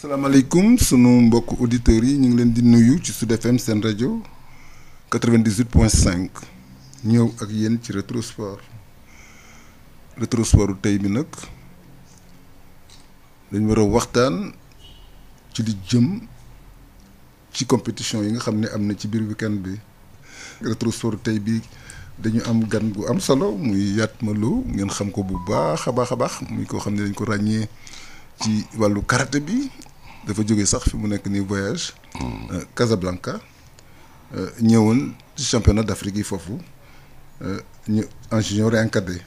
salaamaaleykum sunu mbokk auditeurs yi ñu ngi leen di nuyu ci Sud FM seen rajo 98 point 5 ñëw ak yéen ci rétro sport rétro tey bi nag dañ wara waxtaan ci li jëm ci compétition yi nga xam ne am na ci biir weekend bi rétro sportu tey bi dañu am gan gu am solo muy yaat ma Lo ngeen xam ko bu baax a baax a baax muy koo xam ne dañ ko ràññee ci wàllu karaté bi dafa jóge sax fi mu nekk nii voyage. Euh, Casablanca. Euh, ñëwoon ci championnat d'Afrique yi foofu euh, ñu en junior encadré.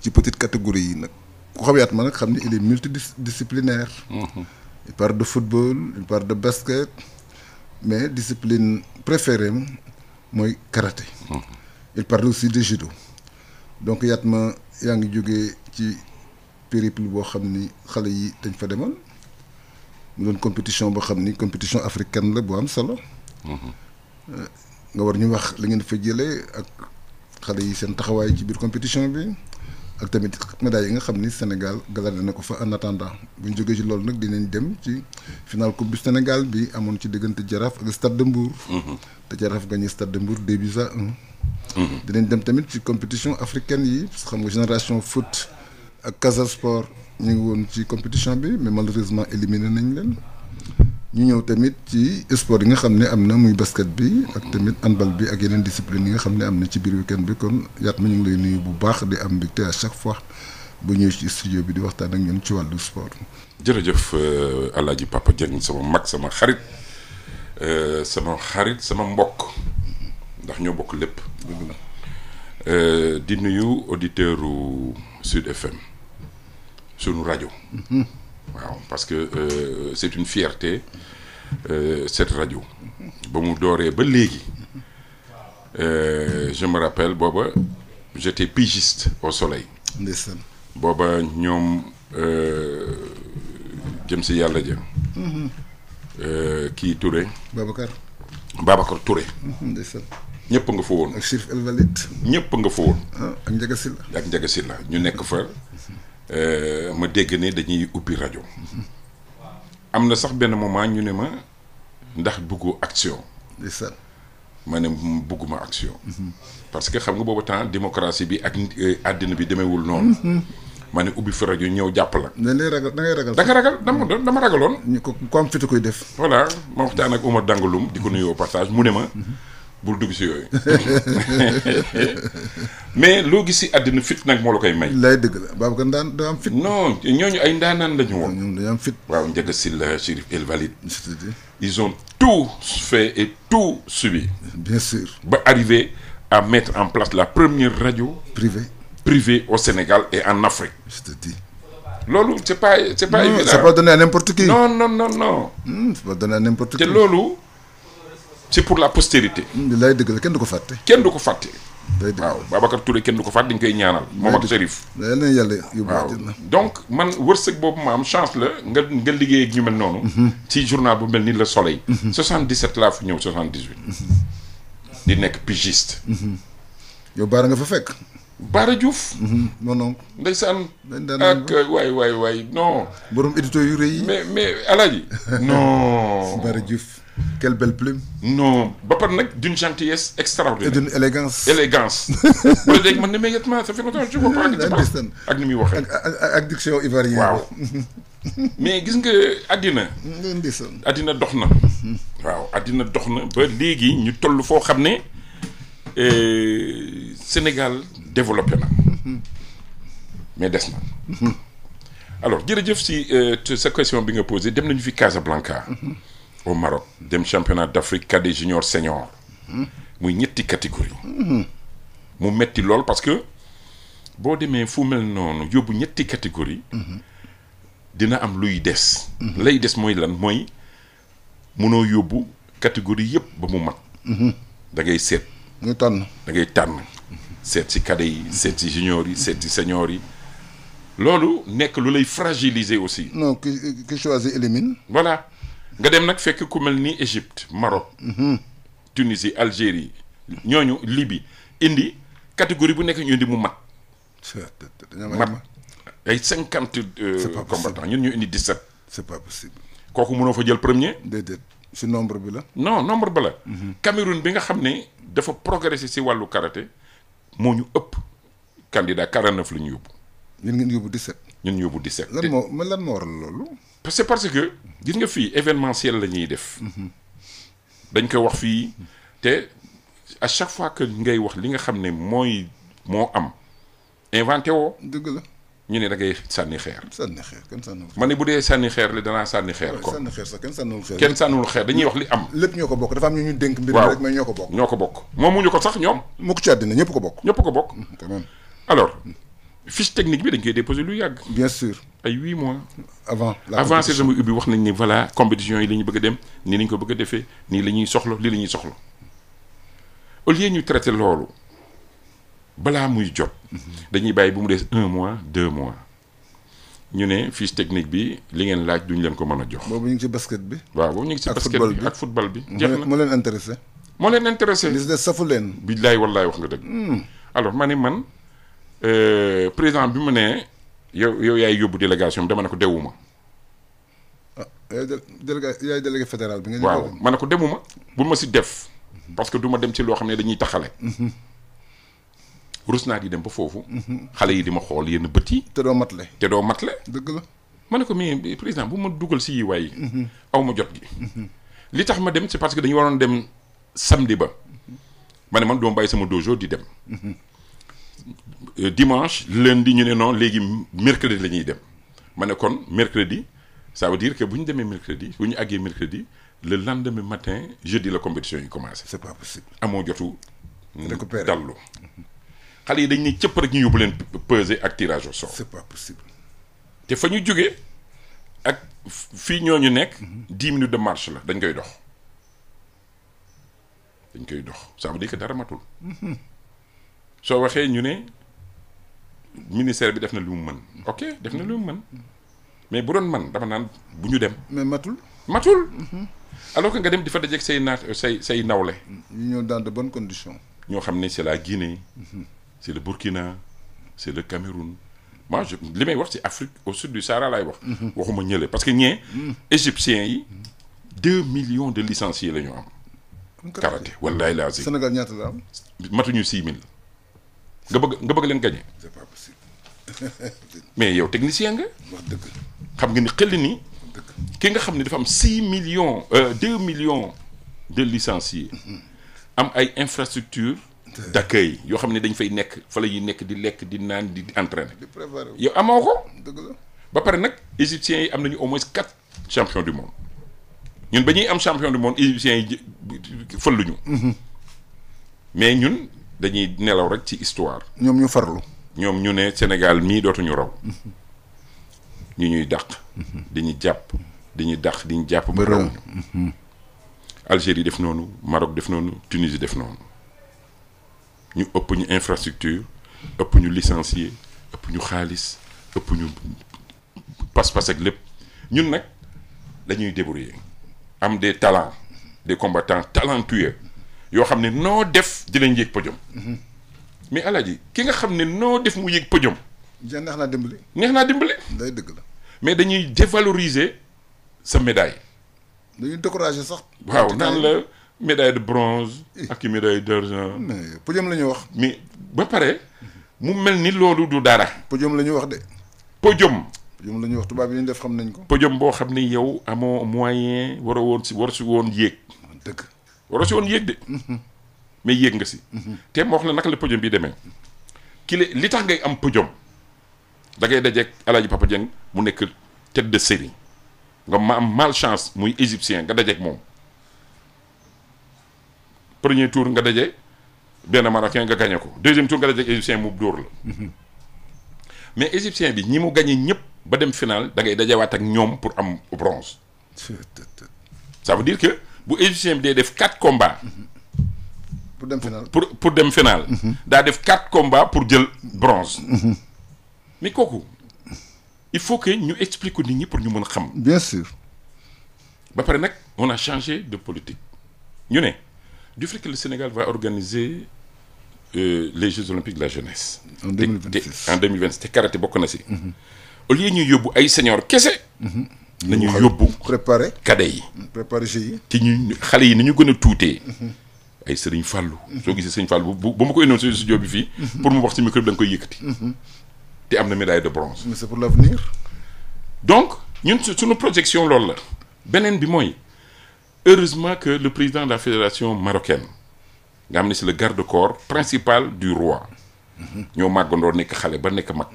ci petite catégorie yi nag ku xaw yaat ma nag xam ni il est multidisciplinaire. Mm-hmm. il parle de football il parle de basket mais discipline préférée mooy karaté. Mm-hmm. il parle aussi de judo. donc yaat ma yaa ngi jóge ci périple boo xam ni xale yi dañ fa demal mu doon compétition boo xam ni compétition africaine la bu am solo. nga war ñu wax li ngeen fa jëlee ak xale yi seen taxawaay ci biir compétition bi ak tamit médailles yi nga xam ni Sénégal galarde na ko fa en attendant bu ñu jógee ci loolu nag dinañ dem ci final coupe du Sénégal bi amoon ci diggante Jaraaf ak Stade de Mbour. te Jaraaf gagné Stade de Mbour deux buts dinañ dem tamit ci compétition africaine yi xam nga génération foot ak Casa ñu ngi woon ci compétition bi mais malheureusement éliminé nañ leen ñu ñëw tamit ci sport yi nga xam ne am na muy basket bi ak tamit handball bi ak yeneen discipline yi nga xam ne am na ci biir weekend bi kon yaat ma ñu ngi lay nuyu bu baax di am mbégte à chaque fois bu ñëw ci studio bi di waxtaan ak ñun ci wàllu sport. jërëjëf El euh, Hadj Papa Dieng sama mag sama xarit euh, sama xarit sama mbokk ndax ñoo bokk lépp. Euh, di nuyu auditeurs u Sud FM. sunu rajo waaw parce que euh, c'est une fierté euh, cette rajo ba mu dooree ba léegi euh, je me rappelle booba j'étais pigiste au soleil ndeysaan booba ñoom euh, jëm si yàlla jëm mhm. euh, kii Touré Babacar Babacar Touré mhm, ndeysaan ñëpp nga fa woon ak ñëpp nga fa woon ah, ak Ndiaga Sylla ak Ndiaga Sylla ñu nekk fa Euh, ma dégg ne dañuy ubbi rajo am na sax benn moment ñu ne ma ndax bëggu action. ma ne bëgguma action. Mhm. parce que xam nga boobu temps démocratie bi ak euh, àddina bi demeewul noonu. Mhm. ma ne ubbi fi rajo ñëw jàpp la. da ngay ragal da ngay ragal. da nga ragal dama mhm. ragaloon. ñu ko ku am fit koy def. voilà ma waxtaan ak Omar Dangalum di ko nuyoo partage mu ne ma. bul dugg si yooyu mais loo gis si àddina fit nag moo la koy may. lay dëgg la Babacar daan daan am fit. non ñooñu ay ndaanaan la ñu woon. ñoom dañoo am fit. waaw Ndiaga Sylla Chérif El Walid. ils ont tout fait et tout subi. bien sûr. ba arriver à mettre en place la première radio. privée privée au Sénégal et en Afrique. je te dis. loolu c'est pas c'est pas évident. c'est pas donné à n'importe qui. non non non non. Hmm, c'est pas donné à n'importe qui. te loolu. ci pour la postérité. lay dëgg la kenn du ko fàtte. kenn du ko fàtte. waaw Babacar Touré kenn du ko fàtte dañ koy ñaanal. moom ak Serif. yal na yàlla yóbbu boobu ma am chance la nga nga liggéey mel noonu. Mhm. ci journal bu mel ni Le Soleil. 77 mhm. laa fi ñëw 78. Mhm. di nekk pigiste. yow baara nga fa fekk. Baara Diouf. non non. ndeysaan. ak waay waay waay non. borom édito yu rëy yi. mais mais Alaaji. non Baara Diouf. quelle belle plume. non ba pare nag d'une gentillesse extraordinaire. et d'une élégance. élégance wala léegi man ni may yet ma ça fait longtemps je vois ak ni muy waxee. ak ak diction ivoirienne. waaw mais gis nga àddina. àddina dox na. waaw àddina dox na ba léegi ñu toll foo xam ne euh, Sénégal développé na mais des na. alors jërëjëf si euh, sa question bi nga posé dem nañu fi Casablanca. Mhm. o Maroc dem championnat d'Afrique cadet junior senior. muy ñetti catégorie mu metti lool parce que boo demee fu mel noonu yóbbu ñetti catégorie dina am luy des. lay des mooy lan mooy munoo yóbbu catégorie yëpp ba mu mat. dangay seet. da tànn da ngay tànn. seet si cadet yi seet si junior yi seet si senior yi. loolu nekk lu lay fragiliser aussi. non qui qui élimine. voilà. nga dem nag fekk ku mel ni Égypte Maroc. Tunisie Algérie ñooñu Libye indi catégorie bu nekk ñu indi mu mat. mat ay cinquante. Euh, combattants ñun ñu indi dix sept. c'est pas possible. kooku mënoo fa jël premier. déedéet si nombre bi la. non nombre ba la. Mhm. Cameroun bi nga xam ne dafa progressé si wàllu karaté moo ñu ëpp. candidat 49 la ñu yóbbu. ñun ngeen yóbbu 17. ñun yóbbu 17. lan moo lan moo waral loolu. c'est parce que gis nga fii événementiel la ñuy def dañ koy wax fii te à chaque fois que ngay wax li nga xam ne mooy moo am inventé woo. dëgg la ñu ne da ngay sànni xeer. sànni xeer kenn sànniwul xeer ma ne bu dee sànni xeer li danaa sànni xeer. kon sànni xeer sax kenn sànniwul xeer. xeer dañuy wax li am. lépp ñoo ko bokk dafa am ñu ñu dénk. mbir rek mais ñoo ko bokk. ñoo ko bokk moomuñu ko sax ñoom. mu ko ci àddina ñëpp ko bokk. ñëpp ko bokk. Mm, quand même technique bi dañ koy déposer lu yàgg. ay huit mois. avant la avant saison bi ubbi wax nañ ni voilà compétition yi la ñu bëgg a dem nii la ko bëgg defee nii la ñuy soxla lii la ñuy soxla au lieu ñu traité loolu balaa muy jot. dañuy bàyyi bu mu des un mois deux mois ñu ne fiche technique bi li ngeen laaj duñ leen ko mën a jox. boobu ñu ngi ci basket bi. waaw boobu ñu ngi ci basket bi ak football bi jeex na moo leen intéressé. moo leen intéressé li des safu leen. billaay wallaay wax nga dëgg. Hmm. alors ma ne man euh, président bi mu ne. yow yow yaay yóbbu délégation bi dama ne ko dewuma. ah yaay eh, délégué yaay délégué fédéral bi. nga waaw ma ne ko demuma bu ma si def. parce que duma dem ci loo xam ne dañuy taxale. rus naa di dem ba foofu. xale yi di ma xool yenn bët yi. te doo matale te doo mat matale. dëgg la ma ne ko mais président bu ma dugal si yi waay. aw ma jot gi. li tax ma dem c'est parce que dañu waroon dem samedi ba. ma ne man doo bàyyi sama dojo di dem. Euh, dimanche lundi ñu ne non léegi mercredi la ñuy dem ma ne kon mercredi ça veut dire que bu ñu demee mercredi bu ñu àggee mercredi le lendemain matin jeudi la compétition yi commencé. c'est pas possible amoo jotu. récupérer dallu. xale yi dañ ne cëpp rek ñu yóbbu leen peser ak tirage au sort. te fa ñu jógee ak fii ñu nekk. dix minutes de marche la dañ koy dox. dañ koy dox ça dire que dara matul. Mhm. soo waxee ñu ne ministère bi def na lu mu mën ok def na lu mu mën mais bu doon man dafa naan bu ñu dem. mais matul. matul. Mhm. alors que nga dem di fa dajeeg say naat say say nawle. ñu ñëw dans de bon condition ñoo xam ne c'est la Guinée. Mhm. c'est le Burkina c'est le Cameroun. moi je li may wax ci Afrique au sud du Sahara laay wax. Mhm. waxuma ñële parce que ñee. égyptiens yi deux millions de licenciés la ñu am. karaté wallaay laa Sénégal ñaata la am. matuñu six mille. nga bëgg nga bëgg leen gagné. c'est mais yow technicien nga. wax xam nga ni xel ni. ki nga xam ne dafa am 6 millions euh, 2 millions de licenciés. Mm-hmm. am ay infrastructures. yi yoo xam ne dañ fay nekk fa la nekk di lekk di naan di entraîner. di préparer yow amoo ko. ba pare nag égyptiens yi am nañu au moins quatre champions du monde ñun ba ñuy am champion du monde égyptiens yi fëlluñu. Mm-hmm. mais ñun dañuy nelaw rek ci histoire. ñoom ñu farlu. ñoom ñu ne Sénégal mii dootuñu raw. ñu ñuy dàq. dañuy jàpp dañuy dàq diñu jàpp. ba raw Algérie def noonu Maroc def noonu Tunisie def noonu ñu ëpp ñu infrastructure ëpp ñu licencié ëpp ñu xaalis ëpp ñu pas-pas ak lépp ñun nag dañuy débrouiller am des talents des combattants talentueux. yoo xam ne noo def dinañ yéeg podium. Mhm. mais alaaji ki nga xam ne noo def mu yéeg podium. ja neex naa dimbali. neex naa dimbali. day dëgg la. mais dañuy dévaloriser sa médaille. dañuy décourager sax. waaw naan la médaille de bronze. Eh. ak i médaille d'argent. mais podium la ñuy wax. mais ba pare mu mel ni loolu du dara. podium la ñuy wax de. podium. podium la ñuy wax tubaab yi ñu def xam nañ ko. podium boo xam ne yow amoo moyen waroo woon si war si woon yéeg. dëgg. waroo si woon yéeg de mais yéeg nga si te ma wax la naka la podium bii demee ki li tax ngay am podium da ngay dajeeg Alaaji Papa mu nekk tête de série nga ma am malchance muy égyptien nga dajeek moom premier tour nga daje benn marocain nga gagné ko deuxième tour nga dajeeg égyptien mu dóor la mais égyptien bi ñi mu gagné ñëpp ba dem final da ngay dajewaat ak ñoom pour am bronze ça veut dire que bu égyptien bi dee def quatre combats. pour dem final pour pour dem final. Mhm. daa def quatre combats pour jël bronze. Mhm. mais kooku il faut que ñu explique nit ñi pour ñu mën a xam. bien sûr. ba pare nag on a changé de politique ñu ne du fait que le Sénégal va organiser euh, les Jeux olympiques de la jeunesse. en deux mille vingt te en bokk na si. Mhm. au lieu ñuy yóbbu ay senior kese. nañu yóbbu préparé cadet yi mm, préparé yi ñu xale yi ni ñu gën a tuutee mm-hmm. ay sëriñ fàllu mm-hmm. soo gisee sëriñ fàllu bu ba ma ko indoon si studio bi mm-hmm. pour mu wax ci micro bi da nga koy am na médaille de bronze mais c'est pour l'avenir donc ñun suñu projection lool la beneen bi mooy heureusement que le président de la fédération marocaine nga am ne si le garde-corps principal du roi ñoo màggandoor nekk xale ba nekk mag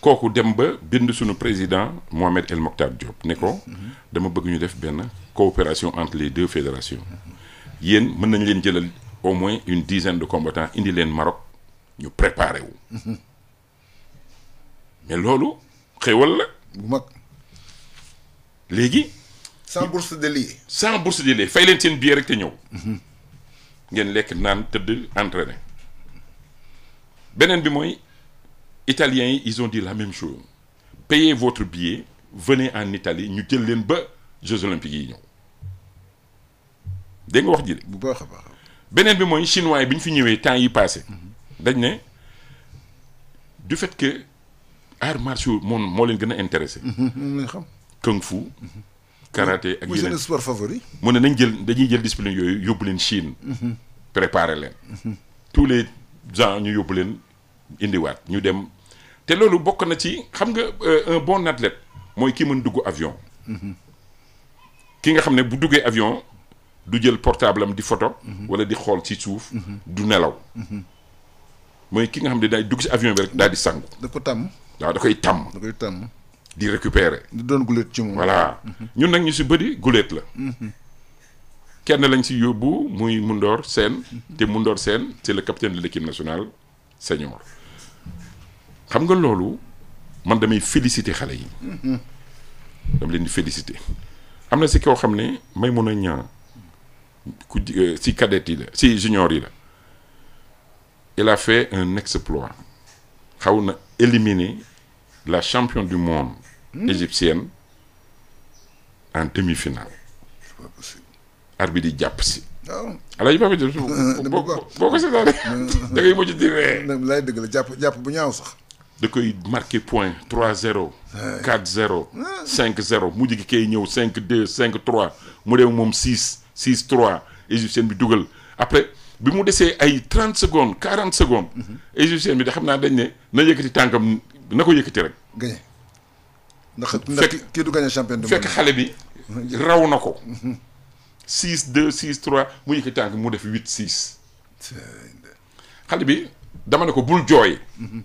kooku dem ba bind suñu président Mohamed El Mokhtar Diop ne mhm. dama bëgg ñu def benn coopération entre les deux fédérations yéen mën nañ leen jëlal au moins une dizaine de combattants indi leen Maroc ñu préparé wu mhm. mais loolu xéwal la bu mag léegi sans bourse de lier sans fay leen seen billet rek te ñëw mhm. ngeen lekk naan tëdd entraîné beneen bi mooy italiens yi ils ont dit la même chose payez votre billet venez en Italie ñu jël leen ba Jeux olympiques yi ñëw dégg nga wax ji a baax beneen bi mooy chinois bi ñu fi ñëwee temps yi passé mhm. dañ ne du fait que arts martiaux moom moo leen gën a intéressé. Mhm, mhm, nañ xam fu. karaté ak yeneen muy seen mu ne nañ jël dañuy jël discipline yooyu yóbbu leen Chine. préparer leen. tous les ans ñu yóbbu leen. indiwaat ñu dem te loolu bokk na ci xam nga euh, un bon athlète mooy kii mën dugg avion. ki nga xam ne bu duggee avion du jël portable am di photo. wala di xool ci suuf. du nelaw. mooy ki nga xam ne day dugg ci avion bi rek daal di sangu. da ko tàmm waaw da koy tàmm. da koy tàmm di récupérer. di doon guléet ci moom. voilà ñun nag ñu si bëri guléet la. kenn lañ si yóbbu muy mundoor seen te mundoor seen c'est le capitaine de l'équipe nationale senior. xam nga loolu man damay féliciter xale yi. Mm-hmm. dama leen di am na si koo xam ne may mun a ñaan ku ci euh, cadette yi la si junior yi la il a fait un exploit xaw na éliminer la champion du monde mm-hmm. égyptienne en demi-finale. c'est pas di jàpp si. waaw ah alaaji Papa Diop boo ko boo ko seetaanee da ngay di ree. dëgg la jàpp jàpp bu ñaaw sax. da koy marqué point 3-0. 4-0. 5-0 mujj gi kay ñëw 5-2 5-3 mu dem moom 6 6-3 égyptienne bi dugal après bi mu desee ay 30 secondes 40 secondes. Mhm. égyptienne bi de xam naa dañ ne na yëkkati tànkam na ko yëkkati rek. gagné ndax fekk kii du gagné champion du monde fekk xale bi raw na ko. 6-2 mhm. 6-3 mu mu def 8-6. xale bi dama ko bul jooy. Mhm.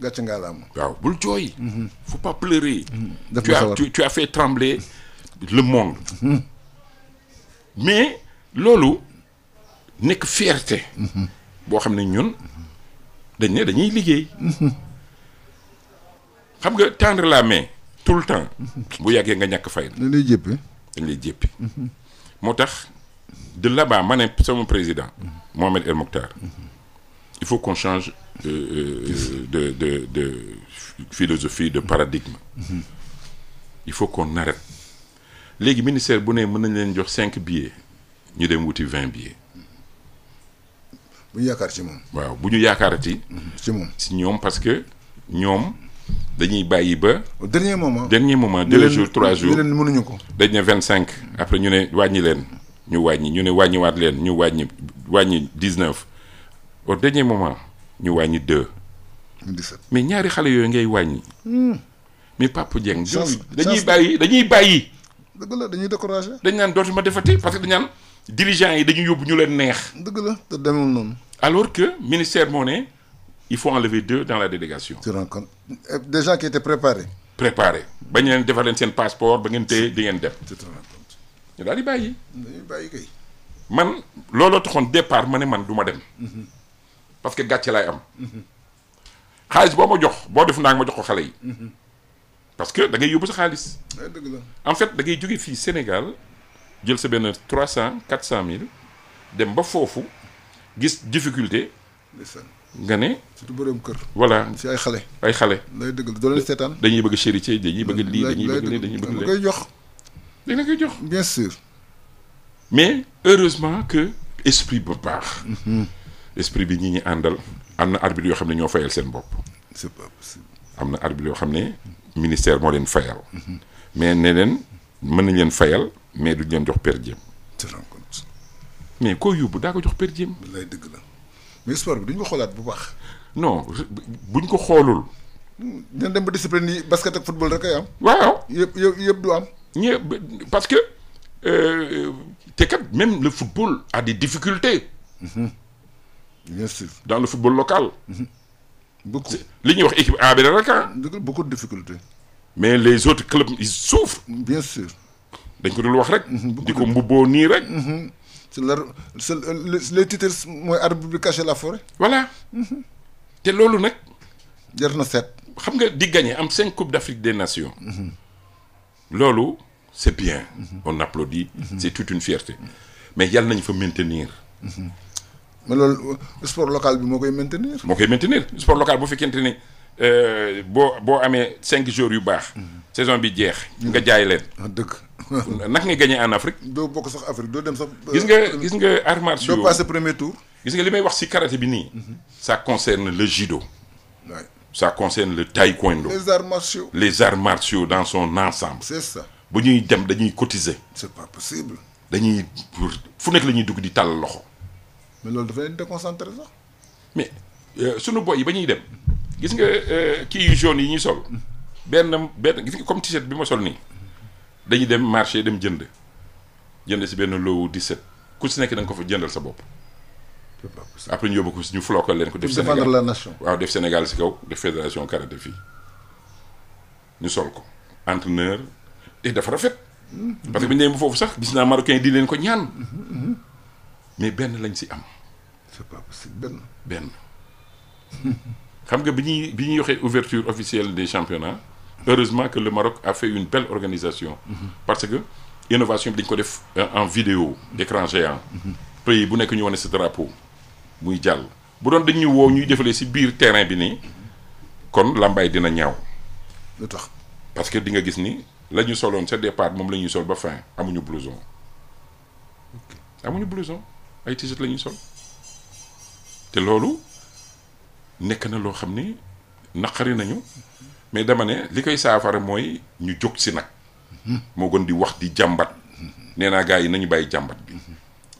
gàcce ngaalaama. waaw bul jooy. Mhm. faut pas pleurer. Mhm. def tu as tu, fait trembler le monde. Mhm. mais loolu nekk fierté. boo xam ne ñun dañ ne dañuy liggéey. xam nga tendre la main tout le temps. bu yàggee nga ñàkk fay. dañ lay jéppi dañ lay jéppi. moo tax de là-bas ma ne président. Mohamed El Mokhtar. il faut qu'on change euh, de, de, de, philosophie, de paradigme. Mm -hmm. Il faut qu'on arrête. léegi ministère bu ne mën nañ leen jox cinq billets ñu dem wuti vingt billets. bu ñu yaakaar ci moom. waaw bu ñu yaakaar mm-hmm. ci moom si ñoom parce que ñoom dañuy bàyyi ba. au dernier moment dernier moment deux jours trois jours leen mënuñu ko. dañ ne vingt cinq après ñu ne wàññi leen ñu wàññi ñu ne wàññiwaat leen ñu wàññi wàññi dix neuf. au dernier moment ñu wàññi deux. mais ñaari xale yooyu ngay wàññi. Hmm. mais Papa Dieng. dañuy bàyyi dañuy bàyyi. dëgg la dañuy découragé. dañ naan dootuma defati parce que dañ naan yi dañu yóbbu ñu leen neex. dëgg la te demul noonu. alors que ministère moo ne il faut enlever deux dans la délégation. tu te rends compte eh, des gens qui étaient préparés. préparés seen passeport ba ngeen téye di ngeen dem. tu te rends compte daal di bàyyi. dañuy bàyyi kay. man looloo taxoon départ ma ne man du ma dem. Mhm. parce que gàcce lay am. xaalis boo ma jox boo def naa ma jox ko xale yi. parce que da ngay yóbbu sa xaalis. dëgg la en fait da ngay jóge fii Sénégal jël sa benn trois cent quatre cent mille dem ba foofu gis difficulté. nga ne. surtout borom kër. voilà si ay xale. ay xale. lay dëgg la doo leen seetaan. dañuy bëgg charité dañuy bëgg lii dañuy bëgg lii dañuy bëgg lee koy jox. lii la koy jox. bien sûr. mais heureusement que esprit bu baax. Mhm. esprit bi ñi ñi àndal am na arbitre yoo xam ne ñoo fayal seen bopp. c'est am na arbitre yoo xam ne ministère moo leen fayal. mais ne leen mën nañ leen fayal mais duñ leen jox per diem. mais koo yóbbu daa ko jox per diem. lay dëgg la mais sport bi ñu ko xoolaat bu baax. non buñ ko xoolul. dina dem ba discipline yi basket ak football rek ay am. waaw yëpp yëpp yëpp du am. ñëw parce que euh, te kat même le football a des difficultés. Mhm. bien sûr dans le football local. Mhm. beaucoup li ñuy wax équipe A bi la rek ah. beaucoup de difficultés. mais les autres clubs ils souffrent. dañ ko dul wax rek. Mhm, di ko mbubboo nii rek. Mhm. c'est la c'est les titres mooy arbre bi caché la forêt. voilà. te loolu nag. jar na seet. xam nga di gagné am cinq coupes d'Afrique des nations. loolu c'est bien. on applaudit. c'est toute une fierté. mais yàlla nañ fa maintenir. mais loolu sport local bi moo koy maintenir. moo koy maintenir sport local bu fekkente ni euh, boo boo amee cinq jours yu baax. Mhm. saison bi jeex. nga jaay leen. Ah, dëgg. naka nga gagné en Afrique. boo ko sax Afrique doo dem sax. Euh, gis nga gis nga arts martiaux doo passé premier tour. gis nga li may wax si karaté bi nii. Mhm. ça concerne le judo. waay ça concerne le taekwondo. les arts martiaux. les arts martiaux dans son ensemble. c'est bu ñuy dem dañuy cotiser. c'est pas possible. dañuy fu nekk la ñuy dugg di tàll loxo. mais loolu dafa leen déconcentré mais euh, sunu boy yi ba ñuy dem gis nga euh, kii yu jaune yi ñuy sol benn benn gis nga comme t-shirt bi ma sol nii dañuy dem marché dem jënd jënd si benn di 17 ku si nekk da nga ko fa jëndal sa bopp. après ñu yóbbu ko si ñu flokal leen ko. def Sénégal la nation. waaw def Sénégal si kaw def fédération karaté fii ñu sol ko entraîneur te dafa rafet. Hmm. parce que bu ñu demee foofu sax gis naa marocain di leen ko ñaan. mais benn lañ si am. c'est pas possible benn. benn xam nga bi ñuy bi ñuy waxee ouverture officielle des championnats heureusement que le Maroc a fait une belle organisation. Mm-hmm. parce que innovation bi dañ ko def euh, en vidéo d'écran géant. Mm-hmm. pays bu nekk ñu wane sa drapeau muy jàll. bu doon dañuy woo ñuy defalee si biir terrain bi nii kon lambay dina ñaaw. lu tax parce que di nga gis ni la ñu soloon sa départ moom la ñuy sol ba fin amuñu blouson. amuñu blouson. ay t-shirt la ñuy sol te loolu nekk na loo xam ni naqari nañu mais dama ne li koy saafara mooy ñu jóg si nag moo gën di wax di jàmbat nee naa yi nañu bàyyi jàmbat bi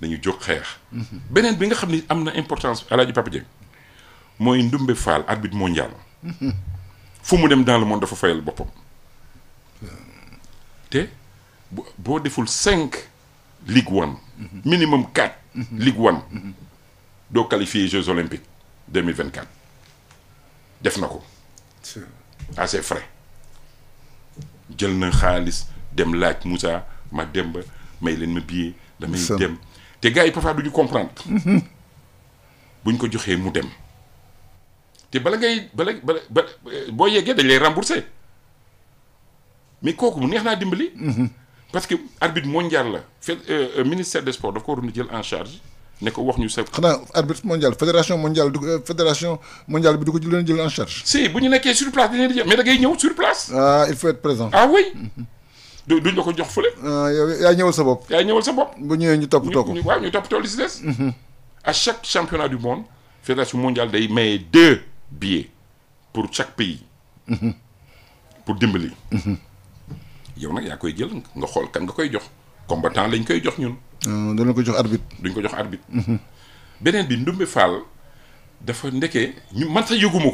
nañu jóg xeex beneen bi nga xam ne am na importance alaaji Papa Dieng mooy Ndumbe Fall arbitre mondial fu mu dem dans le monde dafa fayal boppam te boo deful cinq Ligue One minimum quatre Mhm. Ligue One. Mhm. doo qualifié Jeux Olympiques 2024 def na ko. à ses frais jël na xaalis dem laaj Moussa ma demb may leen ma billet. damay dem te gars yi parfois duñu comprendre. Mhm. buñ ko joxee mu dem. te bala ngay bala bala boo yeggee dañ lay rembourser mais kooku neex naa dimbali. parce que arbitre mondial la fé euh, euh, ministère des sports daf ko waroon jël en charge ne ko wax ñu sa. xanaa arbitre mondial fédération mondiale du euh, bi du ko leen jël en charge. si bu ñu nekkee sur place dañ leen di jël mais da ngay ñëw sur place. ah il faut être présent. ah oui. Mhm. du duñ la ko jox fële. Ah, yow yaa ñëwal sa bopp. yaa ñëwal sa bopp. bu ñëwee ñu toppatoo ko ñu waaw ñu toppatoo li si des. Mhm. à chaque championnat du monde fédération mondiale day maye deux billets pour chaque pays. Mhm. dimbali. yow nag yaa koy jël nga xool kan nga koy jox combattant lañ koy jox ñun. Euh, dana ko jox arbitre. duñ ko jox arbitre. Mhm. beneen bi Ndoumbé Fall dafa ndekee ñu man sax yëguma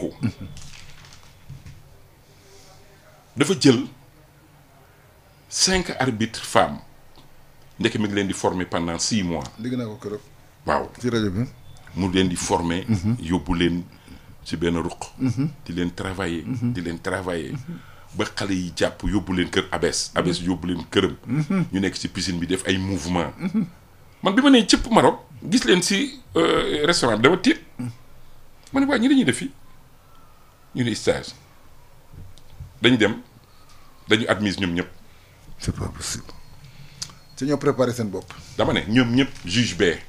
mhm. jël cinq arbitres femmes ndeke mi ngi leen di former pendant six mois. dégg naa ko keroog. waaw ci rajo bi. mu leen di former. Mhm. yóbbu leen ci benn ruq. di leen travailler. di leen travailler. ba xale yi jàpp yóbbu leen kër abes abes yóbbu leen këram ñu nekk ci piscine bi def ay mouvement man bi ma nee cëpp Maroc gis leen ci euh, restaurant bi dama tiit ma ne waaye ñi dañuy def fii ñu ne stage dañu dem dañu admise ñoom ñëpp c'est pas possible ci ñoo préparé seen bopp dama ne ñoom ñëpp juge bee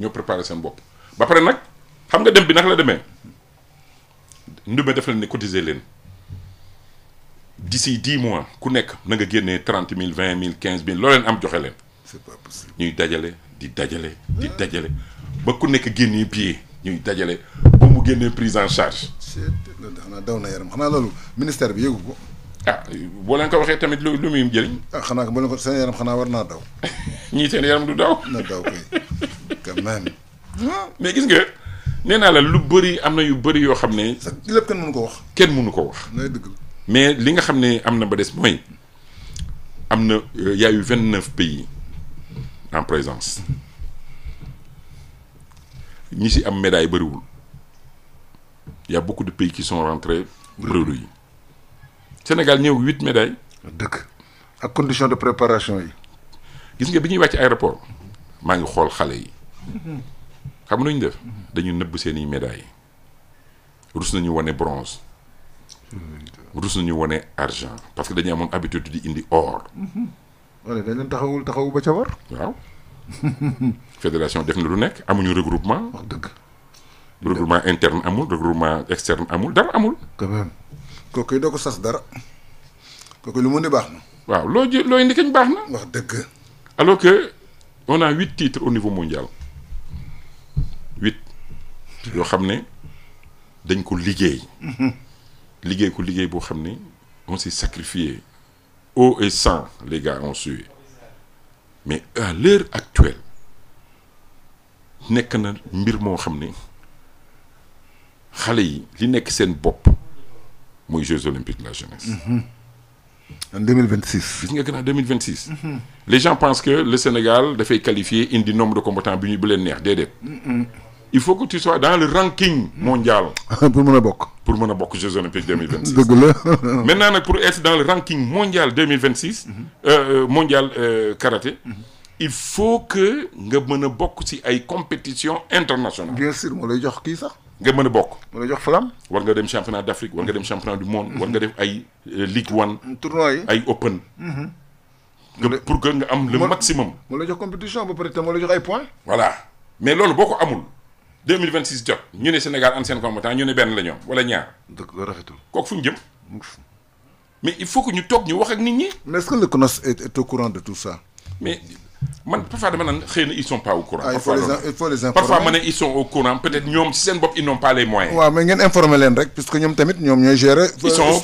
ñoo préparé seen bopp ba pare nag xam nga dem bi nag la demee ndume def leen ne leen d'ici di mois ku nekk na nga génnee trente mille vingt mille quinze mille loo leen am joxe leen. c'est ñuy dajale di dajale di dajale ba ku nekk génnee billet ñuy dajale ba mu génnee prise en charge. loolu xanaa daw na yaram xanaa loolu ministère bi yëgu ko. ah boo leen ko waxee tamit lu lu muy jëriñ. xanaa ah, xanaa boo leen ko seen yaram xanaa war naa daw. ñii seen yaram du daw. na daw kay quand même. Ah, mais gis nga nee naa la lu bëri am na yu bëri yoo xam ne. sa kenn mënu ko wax. kenn mënu ko wax. nay mais li nga xam ne am na ba des mooy am na euh, y vingt neuf pays en présence ñi si am médaille bëriwul y a beaucoup de pays qui sont rentrés bredouille Sénégal ñëw huit médailles. dëkk ak condition de préparation yi. gis nga bi ñuy wàcc aéroport maa ngi xool xale yi xam nuñ def mhm. dañu nëbb seeni médailles rus nañu wane bronze. rus nañu wone argent parce que dañu amoon habitude di indi or. Mm-hmm. wala dañ taxawul taxawu ba ca war. waaw fédération def na lu nekk amuñu regroupement. wax dëgg. regroupement interne amul regroupement externe amul dara amul. quand doo ko sas dara kooku lu mu baax na. waaw loo jë loo indi kañ baax na. wax dëgg. alors que on a huit titres au niveau mondial wit yoo xam ne dañ ko liggéey. Mm-hmm. liggéey ko liggéey boo xam ni on s'est sacrifié eau et sang les gars ont sué mais à l'heure actuelle nekk na mbir moo xam ni xale yi li nekk seen bopp mooy Jeux olympiques de la jeunesse. Mmh. en 2026. gis nga gën a 2026. les gens pensent que le Sénégal dafay qualifier indi nombre de combattants bi ñu bu leen neex déedéet. Mhm. il faut que tu sois dans le ranking mondial. pour mën a bokk. pour mën a bokk Jeux olympiques 2026. dëgg la. maintenant nag pour être dans le ranking mondial 2026. Mhm. Euh, mondial euh, karaté. il faut que nga mën a bokk si ay compétitions internationales. bien sûr moo lay jox kii sax. nga mën a bokk. moo lay jox flam. war nga dem championnat d'Afrique war nga dem championnat du monde. war nga def ay euh, Ligue One. Mm-hmm. tournoi yi ay Open. Mm-hmm. nga pour que nga am le maximum. moo lay jox compétition ba pare te moo ay points. voilà mais loolu boo ko 2026 jot ñu ne Sénégal am seen combattant ñu ne benn la ñoom wala ñaar. dëgg la rafetul kooku fu ñu jëm. mais il faut que ñu toog ñu wax ak nit ñi. mais tout mais man parfois dama naan xëy na ils sont pas au courant. Ah, il faut les il faut les informer parfois ma ne ils sont au courant peut-être ñoom si seen bopp ils n'ont pas les moyens. waaw mais ngeen informer leen rek puisque ñoom tamit ñoom ñooy gérer. ils sont au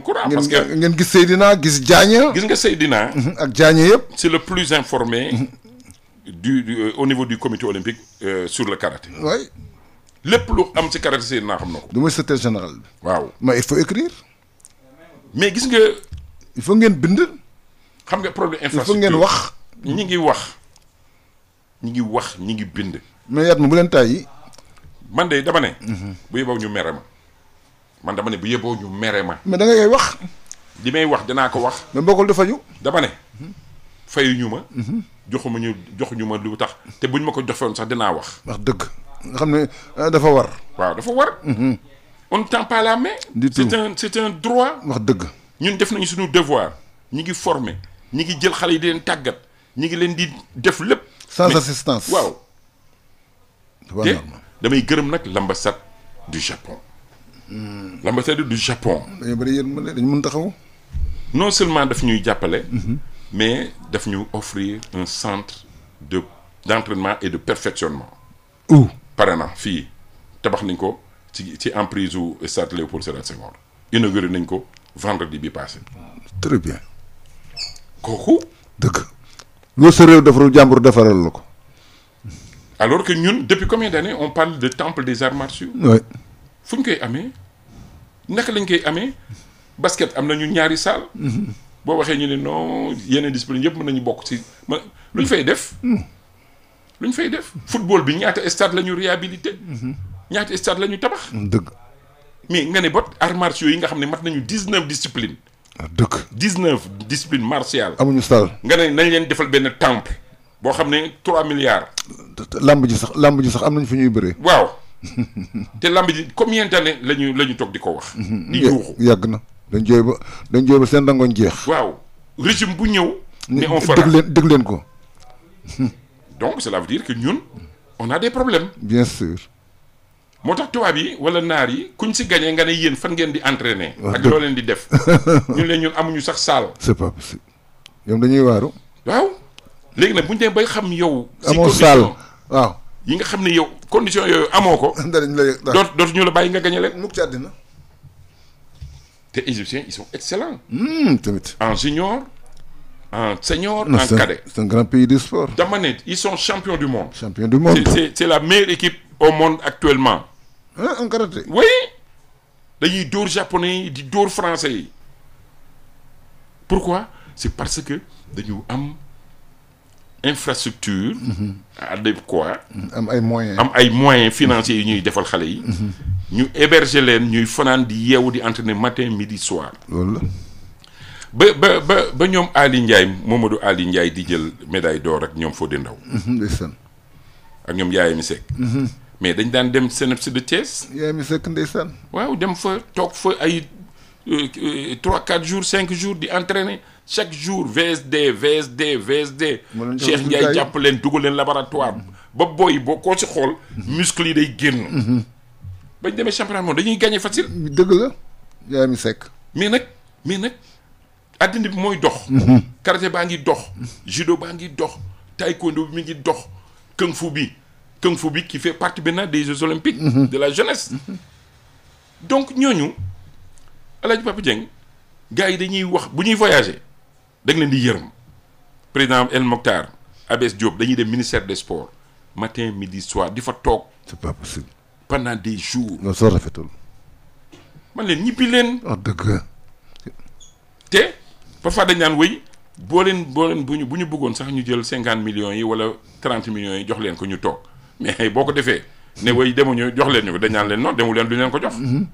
courant parce que ngeen gis Seydina gis Diagne. gis nga Seydina. Mhm, ak Diagne yëpp. c'est le plus informé. Mhm. du, du euh, au niveau du comité olympique euh, sur le karaté. oui. lépp lu am ci karaté seen naa xam na ko. du mooy secrétaire général bi. waaw mais il faut écrire. mais gis nga. il faut ngeen bind. xam nga problème infrastructure il faut ngeen wax. ñi ngi wax ñi ngi wax ñi bind. mais yaat ma bu leen taay man de dama ne. Mhm. bu yeboo ñu mere ma. man dama ne bu yeboo ñu mere ma. mais da ngay wax. li may wax danaa ko wax. mais bokkul dafa ñu. dama ne. Mhm. ñu ma. Mhm. joxuma ñu joxuñu ma lu tax te buñ ma ko joxoon sax dinaa wax. wax dëgg nga xam ne euh, dafa war. waaw dafa war. Mhm. on ne tend droit. wax dëgg. ñun def nañu suñu devoir ñu ngi former ñi ngi jël xale yi di leen tàggat ñu ngi leen di def lépp. sans assistance waaw. te damay gërëm nag l'ambassade du Japon. Hmm. l'ambassade du Japon. dañoo bëri yéen mën nañu mën taxaw. non seulement daf ñuy jàppale. Mhm. mais daf ñu offrir un centre de d'entraînement et de perfectionnement. où pare na fii tabax nañ ko ci ci emprise u stade Léopold Sédar Senghor inauguré nañ ko vendredi bi passé. très bien. kooku. dëkk loo sa réew defaral jàmbur defaral la ko. alors que ñun depuis combien d'années on parle de temple des arts martiaux. oui fu ñu koy amee naka lañ koy amee basket am nañu ñaari salle. Mm-hmm. boo waxee ñu ne non yeneen discipline yëpp mën nañu bokk si ma lu ñu fay def. Hmm. lu ñu fay def football bi ñaata stade la ñu réhabilité. Mhm. ñaata stade la ñu tabax. Hmm, dëgg. mais nga ne bot arts martiaux yi nga xam ne mat nañu dix neuf discipline. ah dëgg dix neuf discipline martiale. amuñu stade. nga ne nañ leen defal benn temple. boo xam ne trois milliards. lamb ji sax làmb ji sax am nañ fu ñuy bëree. waaw te lamb ji combien d'années la ñu la ñu toog di ko wax. Mhm. di yuuxu yàgg na. dañ jooy ba dañ jooy ba seen rangoñ jeex. waaw régime bu ñëw. ne on fera dëgg leen ko. donc cela veut dire ñun on a des problèmes. moo tax tubaab yi wala naar yi kuñ si nga ne yéen fan ngeen di entraîner. ak loo leen di def. leen ñun amuñu sax saal. c'est pas possible ñoom dañuy waaw léegi nag bu ñu demee bay xam yow. amoo saal waaw. yi nga xam ne yow condition yooyu amoo ko. dootuñu la bàyyi nga gagné leen ci àddina. te égyptiens ils sont excellents. Hmm, tamit en junior en senior en cadet. c'est un grand pays du sport. dama ne ils sont champions du monde. champions du monde c'est la meilleure équipe au monde actuellement. ah en karaté. oui dañuy dóor japonais yi di dóor français yi pourquoi c'est parce que dañu am. infrastructure. Mm-hmm. adéquat. Ah, mm-hmm. am ay moyens am ay moyens financiers yu ñuy defal xale yi. Mm-hmm. ñu héberger leen ñuy fanaan di yeewu di entraîner matin midi soir. loolu la. ba ba ba ba ñoom Ali Ndiaye Momadou Ali Ndiaye di jël médaille d'or ak ñoom Fodé Ndaw. ak ñoom Yaay mi Seck. mais dañ daan dem CNEPS de Thiès. Yaay mi Seck ndeysaan. waaw dem fa toog fa ay euh, euh, trois quatre jours cinq jours di entraîner. chaque jour de VSD de VSD. de Ndiaye jàpp leen dugg leen laboratoire ba booy boo koo ci xool. muscle yi day génn. bañ demee championnat moom dañuy gagné facile. dëgg la yaa mais nag mais nag addina bi mooy dox. Mhm. karaté baa ngi dox. judo baa ngi dox. taekwondo bi mi ngi dox. kung fu bi kung fu bi qui fait partie maintenant des Jeux olympiques. Mhm. de la jeunesse. Mhm. donc ñooñu El Hadj Papa Dieng gars yi dañuy wax bu ñuy voyager. da leen di yërëm président El Mokhtar Abbas Diop dañuy dem ministère des sports matin midi soir di fa toog. c'est pas possible. pendant des jours. non soo rafetul. man leen ñibbi leen. wax oh, te parfois dañ naan wéy boo leen boo leen bu ñu bu ñu bëggoon sax ñu jël cinquante millions yi wala trente millions yi jox leen ko ñu toog mais boo ko defee ne wéy demuñu jox leen ñu ko dañ naan leen non demu leen duñ leen ko jox. Mm-hmm.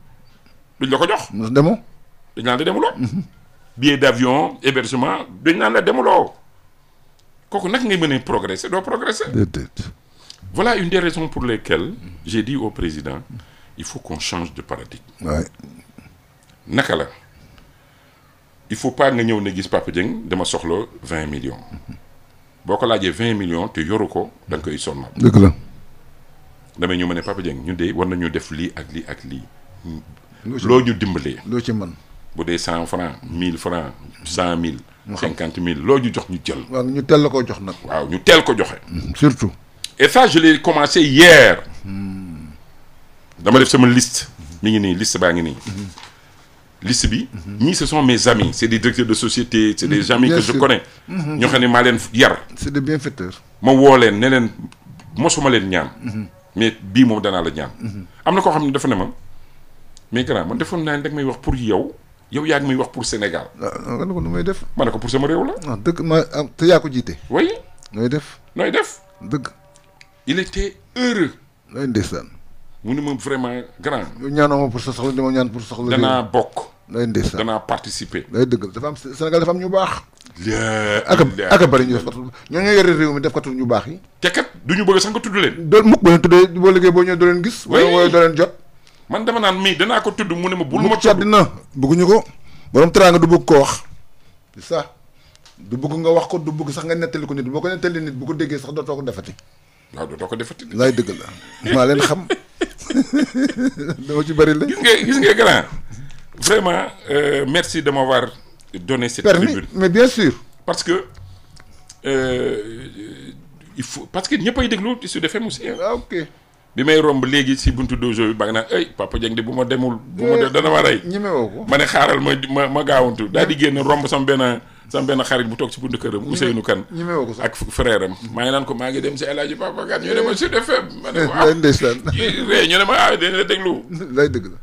duñ la ko jox. demoo. dañ naan de demuloo. Mm-hmm. billet d'avion hébergement dañ naan la demuloo kooku nag ngay mën a progresser doo progresser voilà une des raisons pour lesquelles j'ai di au président il faut qu'on change de paradigme naka la il faut pas nga ñëw ne gis Papa Dieng dama soxla vingt millions boo ko laajee vingt millions te yoru ko da koy sonnal dëgg la damay ñu ma ne Papa Dieng ñu de war nañu def lii ak lii ak lii loo ñu dimbalee loo ci mën bu dee cent franc mille franc cent mille. cinquante mille loo ñu jox ñu jël. waaw ñu teel la ko jox nag. waaw ñu teel ko joxe. Mm, surtout. et ça je l'ai commencé hier. Mm. dama def sama liste. mu ngi nii liste baa ngi nii. Mm-hmm. liste bi. Mm-hmm. ñii ce sont mes amis c'est des directeurs de société c'est des mm-hmm. amis que je connais. ñoo xam ne maa leen yar. c'est des bienfaiteurs. ma woo leen ne leen mosuma leen ñaan. mais bii moom danaa la ñaan. am na koo xam ne dafa ne ma mais grand man defoon naa ne rek may wax pour yow. yow yaa ngi muy wax pour Sénégal. Ah, nga ne ko nu may def. ma ne ko pour sama réew la. dëgg ma ah, te yaa ko jiite. oui. nooy def. nooy def. dëgg. il était heureux. nooy ndeysaan. mu ne ma vraiment grand. ñaanoo ma pour sa soxla dama ñaan pour soxla. danaa bokk. nooy ndeysaan dëgg dafa am Sénégal dafa am ñu baax. ak a ñu def ñoo ñoo yore réew mi def katu ñu baax yi. du ñu bëgg sax nga tudd leen. doon mukk ba leen boo liggéey boo ñëwee doo leen gis. oui wala doo leen jot. man dama naan mii danaa ko tudd mu ne ma. lu ma tudd na bëgguñu ko. borom teraanga du bëgg ko wax. c'est du bëgg nga wax ko du bëgg sax nga nettali ko nit boo ko nettali nit bu ko déggee sax dootoo ko defati. waaw dootoo ko defati. laay dëgg la maa leen xam dama ci bari la. gis nga gis nga vraiment euh, merci dama m'avoir donné cette Permis, tribune mais bien sûr. parce que euh, il faut parce que ñëppay déglu ci Sud ah, ok. bi may romb léegi si buntu dojo bi ba nga naan ay papa Dieng bu ma demul. bu ma def dana ma rey eh, ñemewoo ko ma ne xaaral ma ma ma gaawantu daal di génn romb sama benn sama benn xarit bu toog si buntu këram. Ousseynou Kane ñemewoo ko ak frère am. Mm-hmm. maa ngi naan ko maa ngi dem si El Hadj Papa Kane ñu ne ma eh, Sud FM. ma ne ah, ah, lay dëgg la.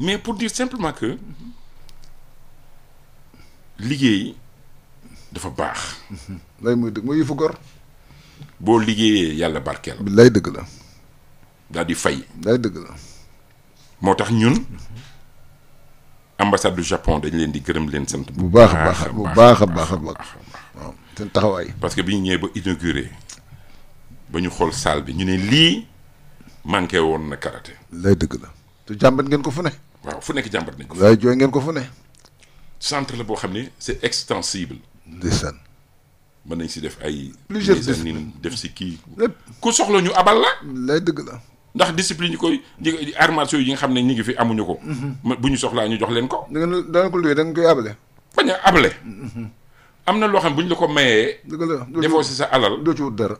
mais pour dire simplement que liggéey dafa baax. Mm-hmm. lay muy dëgg muy yëfu gor. boo liggéeyee yàlla barkeel. lay dëgg la. daal di fay. daal dëgg la. moo tax ñun ambassade du Japon dañ leen di gërëm leen sant. bu baax a baax bu baax a baax a baax waaw seen taxawaay. parce que bi ñu ñëwee ba inauguré ba ñu xool salle bi ñu ne lii manqué woon na karaté. lay dëgg la. te jàmbat ngeen ko fu ne. waaw fu nekk jàmbat nañ ko. waaye jooy ngeen ko fu ne. centre la boo xam ne c'est extensible. ndeysaan. mën nañ si def ay. plusieurs def si kii. ku soxla ñu abal la. lay dëgg la. ndax discipline yi koy di yi nga xam ne ñu ngi fi amuñu ko. Mm-hmm. bu ñu soxlaa ñu jox leen ko. da da ko koy abale. bañ a abale. Mm-hmm. am na loo xam bu ñu la ko mayee. dëgg si sa alal doo ci wut dara.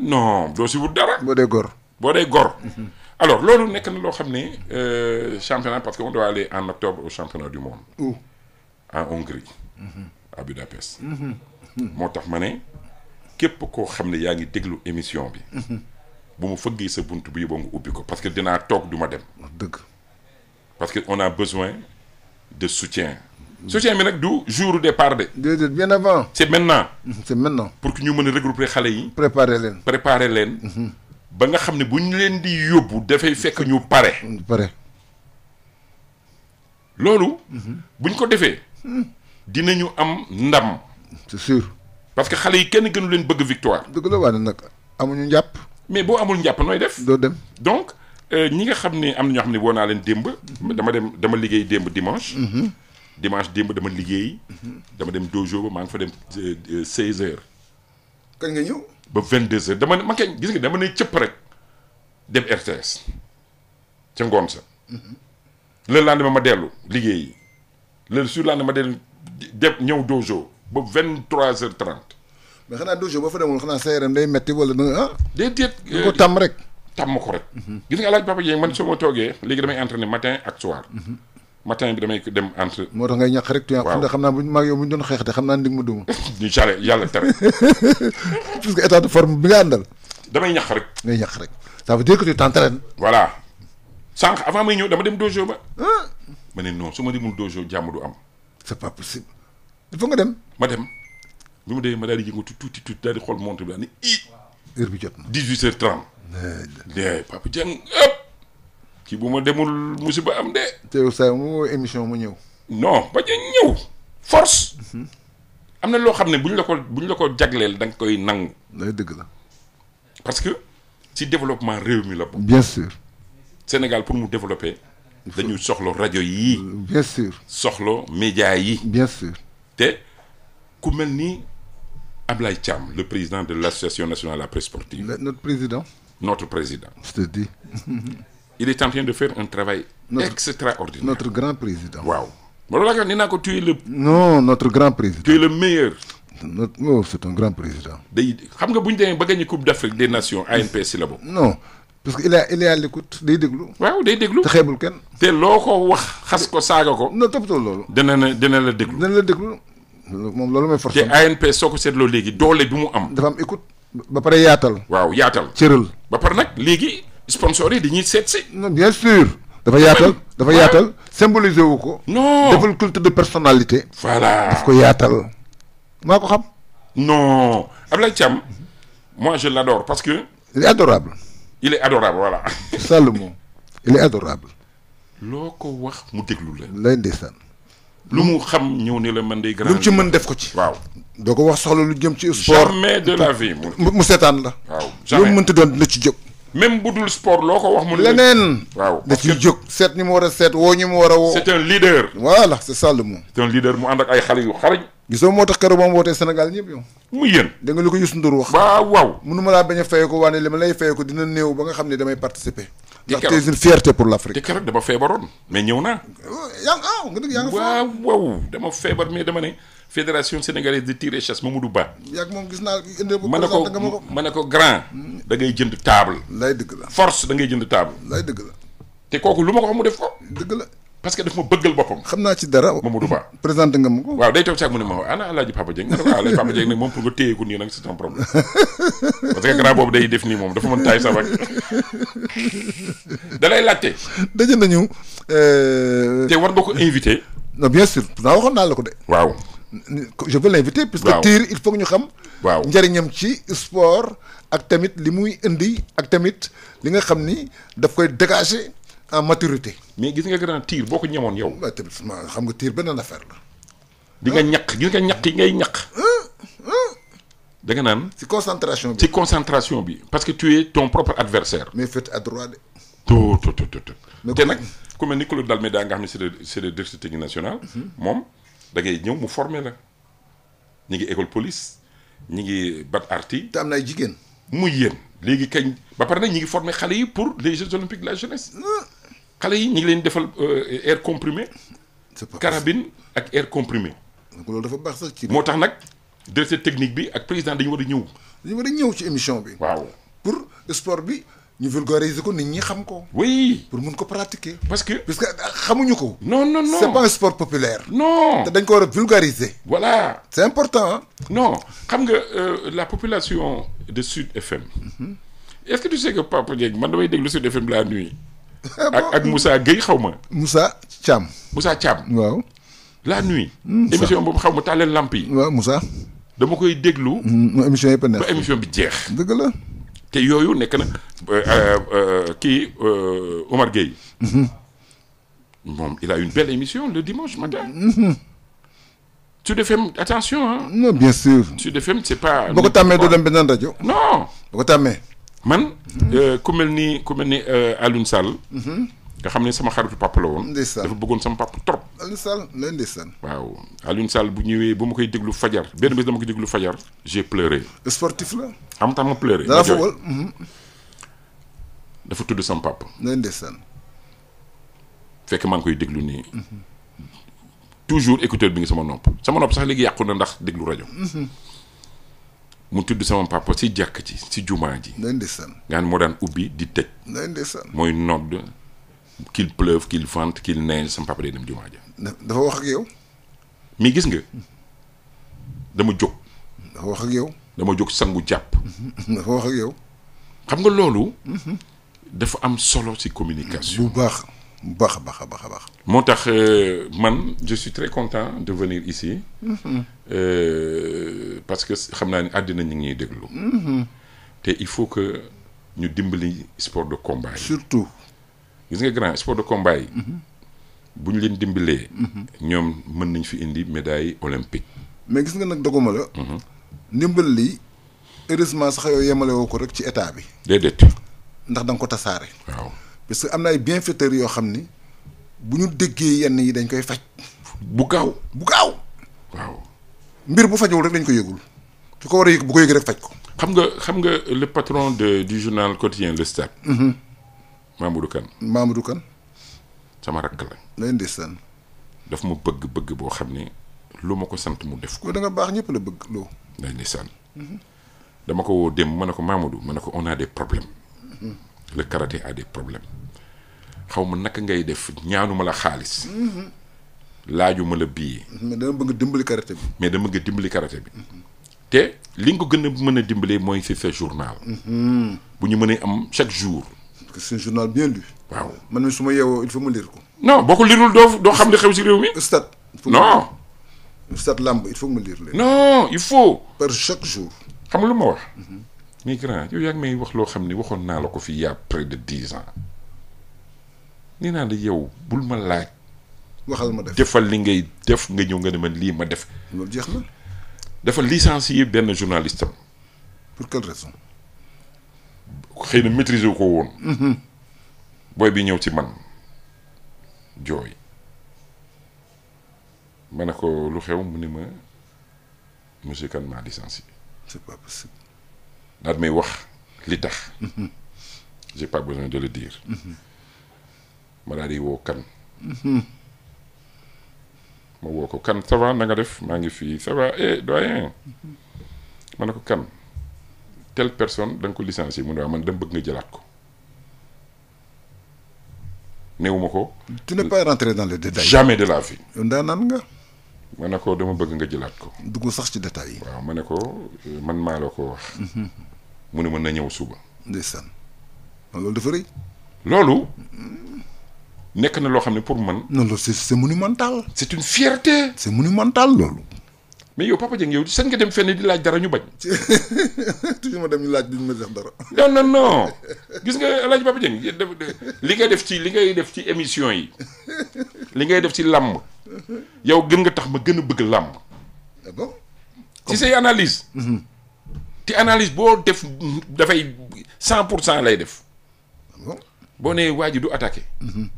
non doo si wut dara. boo dee gor boo dee gor. Mm-hmm. alors loolu nekk na loo xam ne euh, championnat parce que on doit aller en octobre au championnat du monde. où en Hongrie. à Budapest. moo tax ma ne képp koo xam ne yaa ngi déglu émission bi. bu mu fëggee sa bunt bi yóbboo nga ubbi ko parce que dinaa toog du ma dem. dëgg parce que on a besoin de soutien. soutien bi nag du jour départ de. déedéet bien avant. c' est maintenant. Mm, c' est maintenant. pour que ñu mën a regrouper xale yi. préparer leen préparer leen. Mm-hmm. ba nga xam ne bu ñu leen di yóbbu dafay fekk ñu pare. Mm, pare. loolu. Mm-hmm. bu ñu ko defee. Mm. dinañu am ndam. c' sur parce que xale yi kenn gënu leen bëgg victoire. dëgg la waaye nag amuñu njàpp. mais boo amul njàpp nooy def. doo dem donc euh, ñi nga xam ne am na ñoo xam ne woo naa leen démb. Mhm. dama dem dama liggéey démb dimanche. Mhm. dimanche démb dama liggéey. Mhm. dama dem dojo ba maa ngi fa dem 16 euh, euh, heures. kañ nga ñëw. ba 22 heures dama ne ma kañ gis nga dama ne cëpp rek dem ngoon sa. le lendemain ma dellu liggéeyi le surlendemain ma dellu dem ñëw dojo ba 23 heures 30. mais xanaa douche boo fa demul xanaa sa yaram day metti wala danga ah. déedéet nga ko tàmm rek. tàmm ko rek. Mhm. gis nga El Hadj Papa Dieng man su ma toogee léegi damay entraîner matin ak mhm. matin bi damay dem entre. moo tax ngay ñaq rek. waaw tuuti xam naa bu ma ak yow bu ñu doon xeex de xam naa ne mu bi nga àndal. damay ñàkk rek. ngay ñàkk rek ça veut dire que tu t'entraînes. voilà sànq avant may ñëw dama dem dojo ba. Ah. ma ne non su ma demul dojo jàmm du am. c'est pas possible il faut nga ma dem. bi mu demee ma daal di yëngatu tuuti tuuti daal di xool montre bi jot na dix-huit bu ma demul musiba am de émission mu ñëw non mhm. am na loo xam ne bu ñu bu ñu la ko da nga koy nangu day la parce que ci développement réew mi la bokk Sénégal pour mu développer dañuy soxla rajo yi bien sûr soxla média yi bien sûr te ku mel nii Ablaye le président de l'association nationale de la sportive. Le, notre président. notre président. je te dis. il de faire un travail. Notre, extraordinaire notre grand président. waaw ma loolu laa ni non notre grand président. tu le meilleur. notre non oh, c'est un grand président. day xam nga bu ñu ba gagné coupe d'Afrique des nations ANPS la boobu. non parce que il il est à l'écoute day déglu. waaw day déglu te xeebul kenn. te loo ko wax xas ko saaga ko. non toppatoo loolu. dana na la déglu dana la déglu. moom loolu mooy force te ANP soo ko seetloo léegi doole du mu am. dafa am écoute ba pare yaatal. waaw yaatal cëral. ba pare nag léegi sponsor yi dañuy seet si. non bien sûr. dafa yaatal dafa yaatal symboliser wu ko. non deful culte de personnalité. voilà daf ko yaatal. maa ko xam. non Ablaye Thiam moi je l'adore parce que. il est adorable. il est adorable voilà. le mot il loo ko wax mu déglu la. lay ndeysaan. lu mu xam ñëw nii la man de grand lu mu ci mën def ko ci waaw doo ko wax soxla lu jëm ci sport jamais de la vie mu seetaan la waaw jamais lu mënti doon dina ci jóg même bu dul sport loo ko wax mu leneen waaw da ciy jóg seet ñu mu war a seet woo ñu mu war a woo c'est un leader voilà c'est ça le mu ànd ak ay xale yu xarañ gisoo moo tax keroog ba mu wootee Sénégal ñëpp yow mu yéen da nga li ko Youssou Ndour wax waaw waaw mënu ma laa bañ a faye ko waane li ma lay faye ko dina néew ba nga xam ne damay participer ndax tey c'est une fierté pour l'Afrique. te keroog dama feebaroon mais ñëw naa. yaa ah, nga dëgg yaa ngi. waaw waaw dama feebar mais dama ne fédération sénégalaise de tir et chasse du Ba. yaa ngi moom gis naa indee bu. présenté nga ma ko mën na ko grand. da ngay jënd table. lay dëgg la force da ngay jënd table. lay dëgg la. te kooku lu ma ko xam def ko. dëgg la. parce que daf ma bëggal boppam. xam naa ci dara Mamadou Ba. présenté nga ma ko. waaw day def nii moom dafa laajte. daje nañu. Euh, te war ko invité. non bien sûr pourtant la ko de. waaw. je veux ñu xam. waaw njëriñam ci sport ak tamit li muy indi ak tamit li nga xam ni daf koy dégager. en maturité. mais gis nga grand tiir boo ko ñamoon yow. waaw tamit xam nga tiir beneen affaire di nga ñaq gis nga ñaq yi ngay ñaq. da naan. ci concentration bi concentration bi parce que tu es ton propre adversaire. mais féete à droite de. tout tout tout tout. te nag ku mel ni nga xam ne c'est le c'est le directeur mhm. moom da ngay ñëw mu former la. ñu ngi école police ñu ngi bat arti. te am jigéen. mu yéen léegi kañ ba pare nag ñu ngi former xale yi pour les Jeux olympiques de la jeunesse. xale yi ñu ngi leen defal euh, air comprimé. carabine ak air comprimé. loolu dafa baax ci. moo tax nag directeur technique bi ak président dañu war a ñëw. dañu war a ñëw ci émission bi. waaw pour sport bi ñu vulgariser ko nit ñi xam ko. oui pour mun ko pratiquer. parce que parce que ah, xamuñu ko. non non non c'est pas un sport populaire. non te dañ ko war a vulgariser. voilà c'est important. non xam nga euh, la population de Sud FM. Mm-hmm. est-ce que tu sais que Papa Dieng man damay déglu Sud FM la nuit. ak ak Moussa Gueye xaw ma. Moussa Thiam. Moussa Thiam. waaw. la nuit. émission boobu xaw ma tàlleel lamp yi. waaw Moussa. dama koy déglu. Mm, émission yëpp neex ba émission bi jeex. dëgg la. te yooyu nekk na euh, euh, ki euh, Omar Gueye. Mm-hmm. moom il a une belle émission le dimanche matin. Mm-hmm. Sud FM attention ah. non bien sûr. Sud FM c'est pas. boo ko tàmmee doo dem beneen rajo. non. boo ko tàmmee. man. Euh, ku mel ni ku mel ni euh, Alioune Sall. Mhm. nga xam ne sama xaritu papa la woon. dafa bëggoon sama papa trop. Alioune leen di sàn. waaw Alioune Sall bu ñëwee bu ma koy déglu fajar benn bi dama ko déglu fajar. j'ai pleuré. sportif la. am tax ma pleuré. dara football mhm. dafa tudd sama papa. leen di sàn. fekk maa ngi koy déglu nii. Mhm. toujours écouteur bi ngi sama nopp sama nopp sax léegi yàqu na ndax déglu rajo. mu tudd sama papa si jàkk ci si jumaa ji. ndeysaan nga moo daan ubbi di tëj. mooy nodd qu'il pleuve qu'il vente qu'il neige sama papa day dem jumaa ji. dafa wax ak yow. mais gis nga dama jóg. dafa wax ak yow. dama jóg sangu jàpp. dafa wax ak yow. xam nga loolu. Mm-hmm. dafa am solo si communication bu baax. bu baax a baax a baax a baax. moo tax euh, man je suis de venir ici. Mm-hmm. Euh, parce que xam naa ni àddina ñu ngi ñuy déglu. Mm-hmm. te il faut que ñu dimbali sport de combat surtout. gis nga grand sport de combat yi. Mm-hmm. bu ñu leen dimbalee. ñoom mën nañ fi indi médaille olympique. mais gis nga nag doguma la. ndimbal lii heureusement sax yow yemale ko rek ci état bi. déedéet. ndax da nga ko tasaare. waaw. parce que am na ay bienfaiteurs yoo xam ni bu ñu déggee yenn yi dañ koy faj. bu gaaw bu gaaw. waaw mbir bu fajul rek lañ ko yëgul ki ko war a yëg bu ko yëg rek faj ko. xam nga xam nga le patron de du journal quotidien Le Stade. Mhm. Mamadou Kane. Mamadou Kane. sama rakk la. lay ndeysaan. daf ma bëgg bëgg boo xam ne lu ma ko sant mu def ko. danga baax ñëpp la bëgg loo. lay ndeysaan. Mhm. dama ko woo dem ma ne ko Mamadou ma ne ko on a des problème le karaté a des problèmes xaw ma naka ngay def ñaanuma la xaalis. laajuma la bii mais dama bëgg dimbali karaté bi. mais dama bëgg dimbali karaté bi. te li nga ko gën a mën a dimbalee mooy ci sa journal. Mm-hmm. bu ñu mënee am chaque jour. parce que c'est journal bien lu. waaw man mi su ma yeewoo il faut ma lire ko. non boo ko lirul doo xam li xew si réew mi. stade. non. stade làmb il ma lire leen. non il faut. par chaque jour. xam lu ma wax. Mm-hmm. mais grand yow yaa ngi may wax loo xam ne waxoon naa la ko fi y a près de dix ans nee naa la yow bul ma laaj. waxal ma def defal li ngay def nga ñëw nga ne man lii ma def. loolu jeex na. dafa licencier benn journaliste am. pour quelle xëy na maîtriser wu ko woon. Mm-hmm. booy bi ñëw ci man jooy. ma ne ko lu xew mu ni ma monsieur Kane maa daal may wax li tax. j'ai pas besoin de le dire. ma ko kan ça va nga def maa ngi fii ça va eh doyen. ko kan telle personne da nga ko licencié mu ne waaw man dama bëgg nga jëlaat ko. newuma ko. tu n'es pas rentré dans de la vie. ndaanaan ma ne ko dama bëgg nga jëlaat ko. dugg sax ci détails yi. waaw ma ne ko man maa la ko wax. mu ne mën na ñëw suba. ndeysaan loolu dafa rëy. loolu nekk na loo xam ne pour man. non loolu c'est c'est monumental. c'est une fierté. c'est monumental loolu. mais yow Papa Dieng yow sax nga dem fenn di laaj dara ñu bañ. toujours ma dem laaj duñ ma def dara. non non non gis nga El Hadj Papa de li ngay def ci li ngay def ci émission yi li ngay def ci làmb yow gën nga tax ma gën a bëgg làmb. d'accord ah ci say analyse. Mm-hmm. te analyse boo def dafay cent pour cent lay def ah boo nee waa ji du attaqué mhm.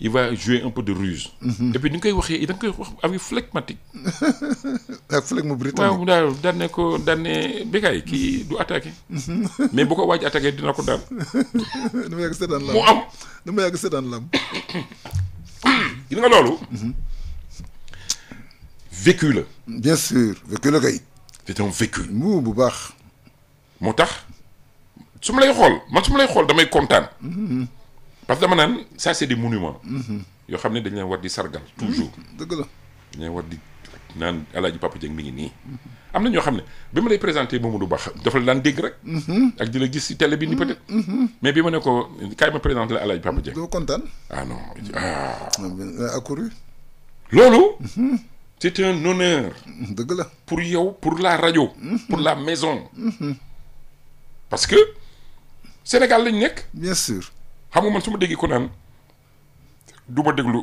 il va jouer un peu de ruse mhm. et puis ni nga koy waxee da nga koy wax avec flegmatique ak flegme daal daan ko daan ne békaay kii du attaqué mhm. mais bu ko waaj attaqué dina ko daan dama yàgg seetaan lam mu am dama yàgg seetaan lam gis nga loolu vécu la bien sûr vécu kay c'était un vécu. mu bu baax. moo tax su ma lay xool man su ma lay xool damay kontaan. Mm-hmm. parce que dama naan ça c'est des monuments. Mm-hmm. yoo xam ne dañ leen war di sargal. Mm-hmm. toujours dëgg la dañ leen war di naan El Hadj Papa Dieng mi ngi nii. am na ñoo xam ne bi ma lay présenté Mamadou Ba dafa la daan dégg rek. ak di la gis ci télé bi ni peut mais bi ma ne ko kaay ma présenté la El Hadj Papa Dieng. doo kontaan. ah, ah. ah euh, loolu. c'est un honneur. dëgg la pour yow pour la rajo. Mhm. pour la maison. Mhm. parce que Sénégal lañ nekk. bien sûr. xam nga su ma déggee ko naan du ma déglu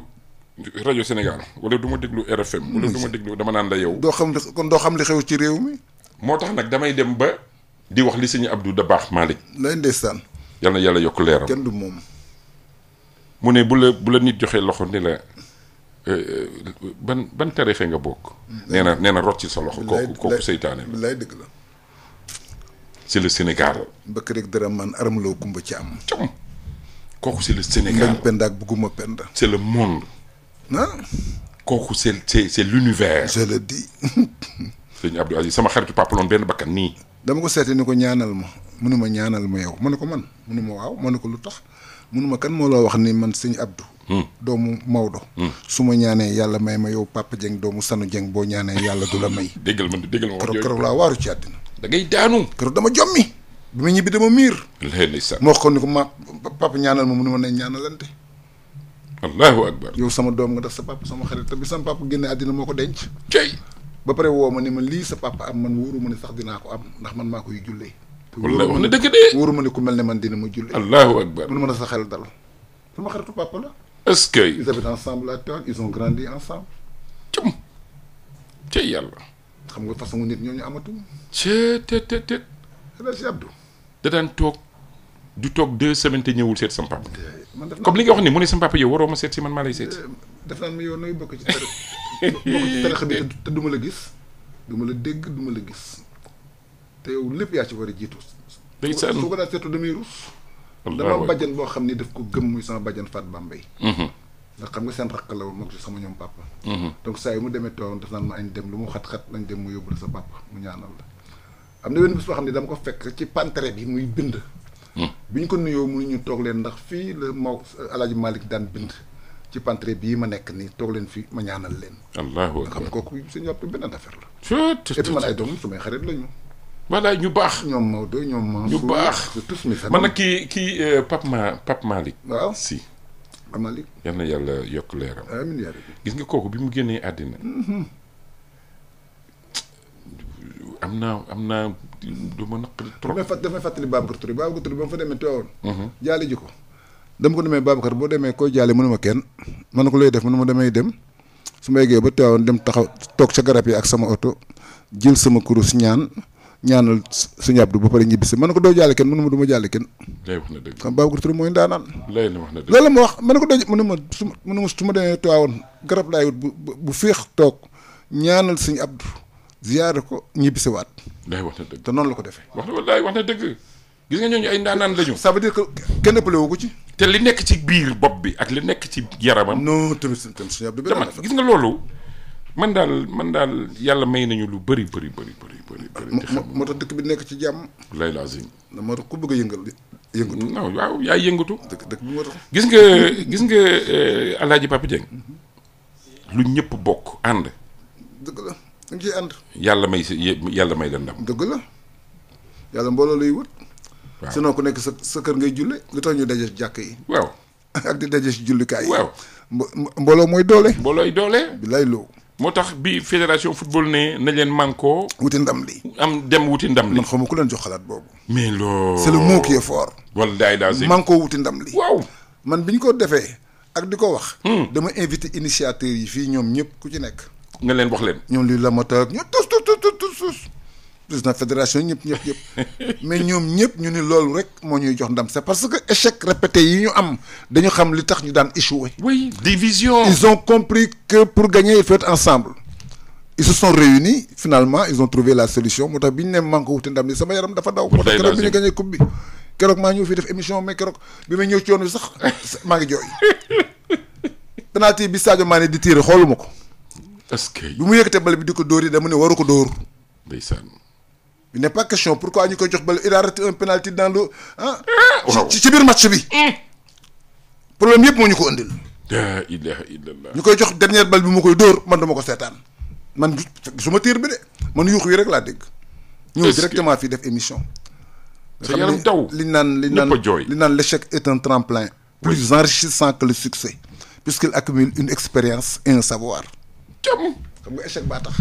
rajo Sénégal wala du ma déglu RFM. wala du ma déglu dama naan la yow. doo xam li kon doo xam li xew ci réew mi. moo tax nag damay dem ba. di wax li sëñ Abdou baax Malick. lay ndeysaan. yal na yàlla yokk leeram kenn du moom. mu ne bu la bu la nit joxee loxo ni la. ban ban tarixe nga bokk. nee na nee ci sa loxo. kooku kooku seytaane la lay dëgg la. c'est le Sénégal. mbëkk rek dara man aram kumba ci am. cam kooku c'est le Sénégal ngañ penda ak bugguma penda. c'est le monde. Ah. kooku c'est c'est c'est l'univers. je le dis. sëñ Abdou sama xaritu papa benn bakkan nii. dama ko seete ni ko ñaanal ma munuma ñaanal ma yow ma ne ko man munuma waaw ma ne ko lu tax munuma kan moo loo wax ni man sëñ Abdou. doomu Maodo. Hmm. su ma ñaanee yàlla may ma yow Papa Dieng doomu Sanu Dieng boo ñaanee yàlla du la may. déggal ma déggal ma keroog keroog laa waaru ci àddina. da ngay daanu. keroog dama jommi. bi ma ñibbi dama miir. léeg-léeg sax ma wax ko ni ko ma papa ñaanal ma mu ne ma ne ñaanalante. yow sama doom nga def sa papa sama xarit te bi sama papa génne àddina moo ko denc. tey pare woo ma ni ma lii sa papa am man wóoru ma ne sax dinaa ko am ndax man maa koy jullee. wallaay wax na dëgg de. ne ku mel ne man dina ma jullee. allahu akbar. mun ma ne sa xel dal sama xaritu papa la. est-ce que. ils habitent ensemble à Tivaouane ils ont grandi ensemble. yàlla. xam nga façon nit ñooñu amatul. cee te te te. El Abdou. da daan toog du toog deux semaines te ñëwul seet sama papa. Eh, comme li nga wax ni mu ne sama papa yow waroo ma seet si man maa lay seet. Eh, daf naan ma yow nooy bokk la gis du ma la dégg duma la gis te yow lépp yaa ci war a jiitu. day sànni su ko daa seetu damay rus. dama bàjjan boo xam ni daf ko gëm muy sama bàjjan Fat Bambey mhm. ndax xam nga seen rakk la woon moom ci sama ñoom papa mhm. donc saa yi mu demee ma añ lu mu xat-xat nañ mu yóbbu la sa papa mu ñaanal na benn bis xam ne dama ko fekk ci pantere bi muy mhm. bi ñu ko nuyoo mu ñu toog leen ndax fii la moo Alaaji Malick daan bind ci pantre bii ma nekk nii toog leen fi ma ñaanal leen. allahu akbar nga xam kooku suñu yàpp beneen affaire la. tuuti tuuti et man ay doom sumay xarit lañu. voilà ñu baax. ñoom Maodo ñoom Mansour ñu baax man nag kii kii euh, Pape Ma Pape waaw si. Pape Malick na yàlla yokk leeram. nga kooku bi mu génnee àddina. Mm-hmm. am naa am naa du ma naqari trop. damay fàtt damay fàttali Babacar Touré fa demee Tivaouane. Mm-hmm. jaale ji ko. dama ko demee Babacar boo demee koy jaale mënuma kenn man na ko lay def mënuma damay dem su ma yeggee ba Tivaouane dem taxaw toog ca garab yi ak sama oto jël sama kurus ñaan. ñaanal suñu Abdou ba pare ñibbisi man ko doo jàlle kenn mënu ma du ma jàlle kenn lay wax na dëgg kon Babacar Touré mooy ndaanaan lay na wax na dëgg loolu ma wax man ko doo mënu ma su mënu su ma demee tuwaawoon garab laay wut bu bu féex toog ñaanal suñu Abdou ziyaare ko ñibbisi waat wax na dëgg te noonu la ko defee wax na wallaay wax na dëgg gis nga ñooñu ay ndaanaan la ñu ça veut dire que kenn ëppale ko ci te li nekk ci biir bopp bi ak li nekk ci yaramam non tamit tamit sëñ Abdou bi gis nga loolu man daal man daal yàlla may nañu lu bëri bëri bëri bëri moo tax dëkk bi nekk ci jàmm. lay lazim. moo tax ku bëgg yëngal yëngatu. yaay yëngatu. dëkk dëkk gis nga gis nga El euh, Hadj Papa mhm. lu ñëpp bokk ànd. dëgg la dañ ciy ànd. yàlla may si yàlla may la ndam. dëgg la yàlla mbooloo lay wut. waaw sinon ku nekk sa sa kër ngay julle lu tax ñu daje jàkk yi. waaw ak di mbooloo mooy doole. mboolooy doole. bi lay loo. moo tax bi fédération football ne nañ leen mànkoo. wuti ndam li am dem wuti ndam li. man xaw ma ku leen jox xalaat boobu. mais loolu. c'est le mot qui est fort. wallaay daal si mànkoo wuti ndam li. waaw man bi ñu ko defee ak di ko wax. Hmm. dama invité initiateurs yi fii ñoom ñëpp ku ci nekk. nga leen wax leen. ñoom lii la ma tëgg ñoom tus tus tus tus. président fédération ñëpp ñëpp ñëpp mais ñoom ñëpp ñu ni loolu rek moo ñuy jox ndam c'est parce que échec répété yi ñu am dañu xam li tax ñu daan échoué. oui division. ils ont compris que pour gagner il faut être ensemble. ils se sont réunis finalement ils ont trouvé la solution moo tax bi ñu ne maa ngi ko sama yaram dafa daw. moo tax keroog bi ñu gagné coupe bi keroog maa ñëw fii def émission mais keroog bi may ñëw ci yoon bi sax maa ngi jooy. penalty bi Sadio Mané di tiire xooluma ko. est que. bi mu yëkkatee bal bi di ko dóor yi dama ne waru ko dóor. il n'est pas question pourquoi ñu koy jox bal il a raté un penalty dans le ah. ci ci biir match bi. Eh. problème yëpp moo ñu ko andil. la ilaha ñu koy jox dernière bal bi mu koy dóor man dama ko seetaan man su ma tiir bi de man yuux yi rek laa dégg. ñëw directement fii def émission. sa yaram taw li naan li naan li naan l'échec et un tremplin. plus enrichissant que le succès. puisqu'il accumule une expérience un savoir. jam xam nga échec baa tax.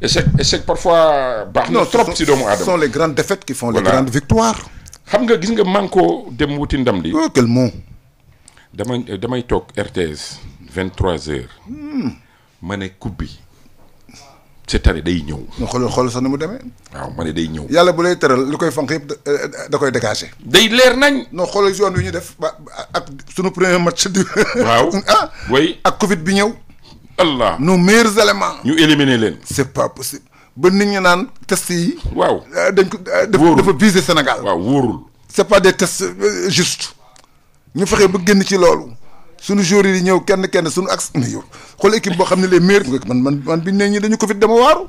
échec échec parfois baax na trop si doomu aadama sont les grandes défaites qui font voilà. les grandes victoires xam nga gis nga man koo dem wuti ndam li oh, quel mot damay damay toog RTS vingt heures hmm. ma ne coupe bi cette année day ñëw. ñu xool xool sax ni mu demee. waaw ma ne day ñëw. yàlla bu lay teral lu koy fonk yëpp eh, eh, da koy dégager. day leer nañ. noo xoolal yoon wi ñu def ba ak sunu premier match. waaw ah. ak Covid bi ñëw. allah nos meilleurs éléments. ñu éliminer leen. c'est pas possible ba nit ña naan test yi. waaw euh, dañ ko euh, dafa dafa viser Sénégal. waaw wóorul. c'est pas des tests euh, justes ñu fexe ba génn ci loolu suñu joueurs yi ñëw kenn kenn suñu ak suñu yow xool équipe boo xam ne les meilleurs nga man man man biñ ne ñi dañu Covid dama waaru.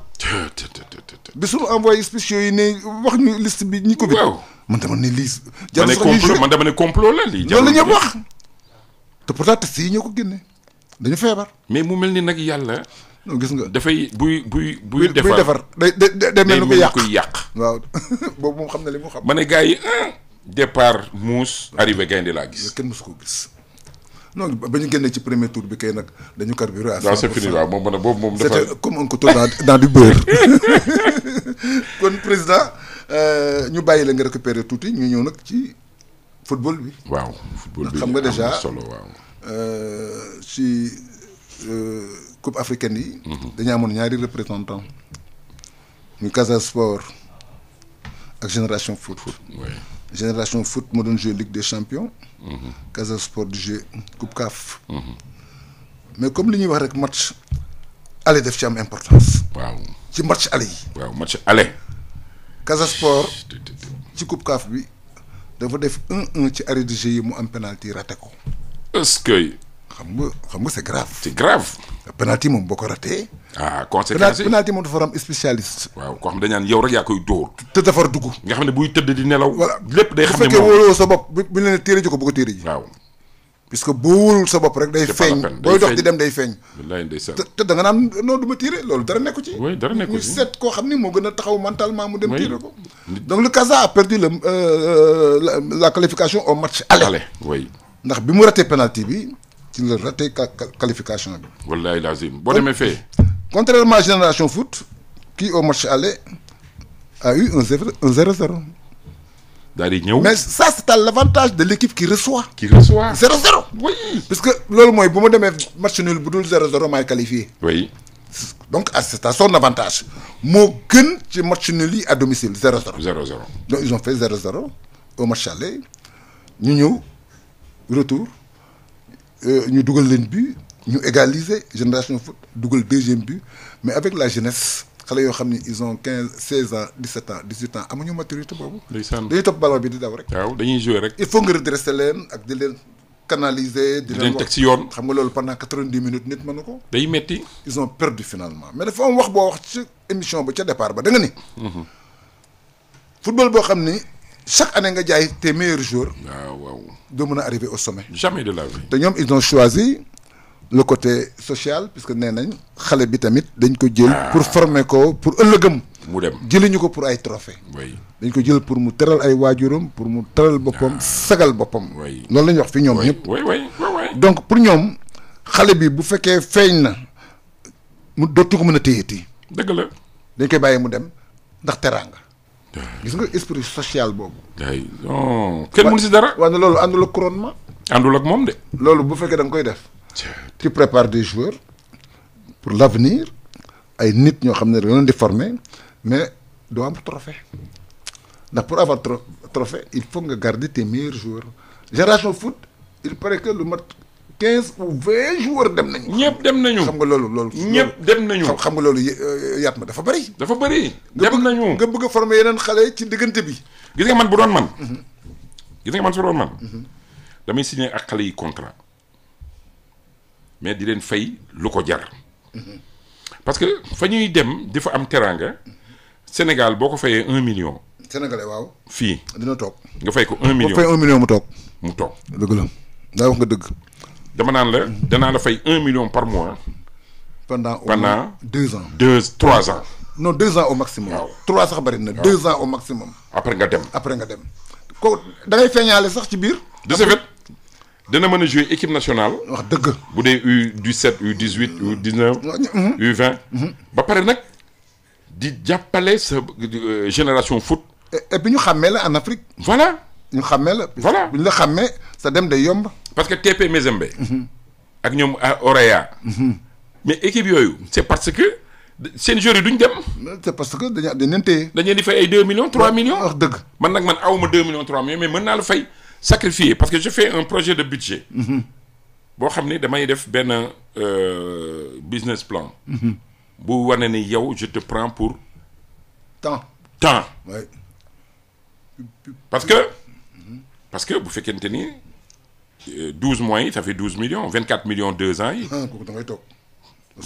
bi suñu envoyé spéciaux yi ne wax ñu liste bi ñu Covid. man dama ne lii. jarul sax man dama ne complot la lii. jarul loolu la wax te pourtant test yi ñoo ko génne. dañu feebar. mais mu mel ni nag yàlla. gis nga dafay buy buy. buy defar buy defar day day day mel ni koy yàq koy waaw boobu moom xam na li mu xam. ma ne gars yi départ muus arrivé gaynde laa gis. kenn mosu ko gis. non ba ñu génnee ci premier tour bi kay nag dañu carburé. à 100% waaw c'est fini waaw moom man boobu moom. dafa c'était comme un couteau euh, ñu bàyyi la nga récupérer tuuti ñu ñëw nag ci football bi. waaw nga déjà solo waaw. Euh, si euh, coupe africaine yi. Mhm. dañu amoon ñaari représentant ñu Casa Sport ak Génération Foot. Génération Foot moo doon joué Ligue des Champions. Mhm. Casa Sport di joué coupe CAF. Mhm. mais comme li ñuy wax rek match aller def ci am importance. waaw ci match aller yi. waaw match aller. Casa Sport ci coupe CAF bi dafa def 1-1 ci arrêt de jeu yi mu am penalty raté ko. est que. xam nga xam nga c'est grave. c'est grave. penalty moom boo ko ratee. ah conséquence yi penalty moom dafa war am waaw koo xam dañ naan yow rek yaa koy dóor. te dafa war nga xam ne buy tëdd di nelaw. voilà lépp day xam ne moo sa bopp bu bu ñu ko bu ko téere ji. waaw. puisque sa bopp rek. day feeñ booy dox di dem day feeñ. wallaahi ndeysaan te da nga naan non du ma tiire loolu dara nekku ci. oui dara ñu seet koo xam ni moo gën a taxaw mentalement mu dem. tiire ko donc le Casa a perdu le euh, euh, la qualification au match aller. ndax bi mu raté penalty bi ci la raté qualification bi. wallahi lazim boo demee fee. contrairement à Génération Foot qui au match aller a eu un zéro zéro daal di ñëw mais sa c'est à l'avantage de l'équipe qui reçoit. qui reçoit zéro zéro. parce que loolu mooy bu ma demee match nul bu dul zéro zéro maay qualifié. oui. donc ah, c'est à son avantage moo gën ci match nul yi à domicile zéro zéro. zéro zéro donc ils ont fait zéro zéro au match aller ñu ñëw. retour euh, ñu dugal leen but ñu égaliser génération foot dugal deuxième but mais avec la jeunesse xale yoo xam ni ils ont quinze seize ans dix sept ans dix huit ans amuñu maturité boobu. dañuy topp ballon bi di daw rek. waaw dañuy jouer rek. il faut nga redresser leen ak di leen. canaliser di leen teg yoon xam nga loolu pendant quatre-vingt-dix minutes nit mënu ko. day metti ils ont perdu finalement mais dafa am wax boo wax ci émission ba ca départ ba da nga ni. Mhm. football boo chaque année nga jaay tes meilleurs joueurs. waaw ah, waaw doo mën a arriver au sommet. de la vie. te ñoom ils ont choisi le côté social puisque nee nañ xale bi tamit dañ ko jël. Ah. pour former ko pour ëllëgëm. mu dem jëliñu ko pour ay trophée dañ ko jël pour mu tëral ay waajuram pour mu tëral boppam ah. sagal boppam. loolu la ñuy wax fi ñoom ñëpp. donc pour ñoom xale bi bu fekkee feeñ na mu dootu ko mën a téyeeti. dëgg la dañ koy bàyyi mu dem ndax teraanga. gis nga esprit social boobu. ay non kenn mun si dara. waaw ne loolu àndul ak couronnement. àndul ak moom de. loolu bu fekkee da koy def. tu prépares des joueurs pour l' avenir ay nit ñoo xam ne da leen di former mais doo am trophée ndax pour avoir trophée il faut nga garder tes meilleurs joueurs génération foot il paraît que lu mat. quinze ou dem nañu. ñëpp dem nañu xam nga loolu loolu. ñëpp dem nañu xam nga loolu euh, yaat ma dafa bari dafa bëri dem nañu nga bëgg a yeneen xale ci diggante bi. gis nga man bu doon man. Mhm. gis nga man su doon man. Mhm. damay signé ak xale yi contrat mais di leen fay lu ko jar. Mhm. parce que fa ñuy dem di fa am teraanga Sénégal boo ko fayee un million. Sénégalais waaw. fii dina toog. nga fay ko un million mu toog. mu toog dëgg la daa wax nga dëgg. dama naan la danaa la fay un million par mois. pendant pendant deux ans. deux trois ans. non deux ans au maximum. waaw trois sax bari na. deux ans au maximum. après nga dem après nga dem. ko da feeñaale sax ci biir. de ce dana mën a jouer équipe nationale. wax dëgg. bu dee U 17 U 18 U 19. Mm-hmm. U 20. Mm-hmm. ba pare nag di jàppale sa euh, génération foot. et bi ñu xàmmee la en Afrique. voilà ñu xàmmee la. voilà bu ñu la xàmmee sa dem day yomb. parce que TP Mazembe. Mhm. ak ñoom ah, Orea. Mhm. mais équipe yooyu c' est parce que seen joueurs yi duñ dem. c' est parce que dañu dañ leen téye. dañ leen di fay ay 2 millions 3 millions. wax dëgg man nag man awuma 2 millions 3 millions mais mën naa la fay sacrifier parce que je fais un projet de budget. Mhm. boo xam ne damay def benn euh, business plan. bu wane ni yow je te prends pour. temps temps. parce que parce que bu fekkente ni. 12 euh, mois yi ça fait 12 millions 24 millions 2 ans yi. Ah, kooku da ngay toog.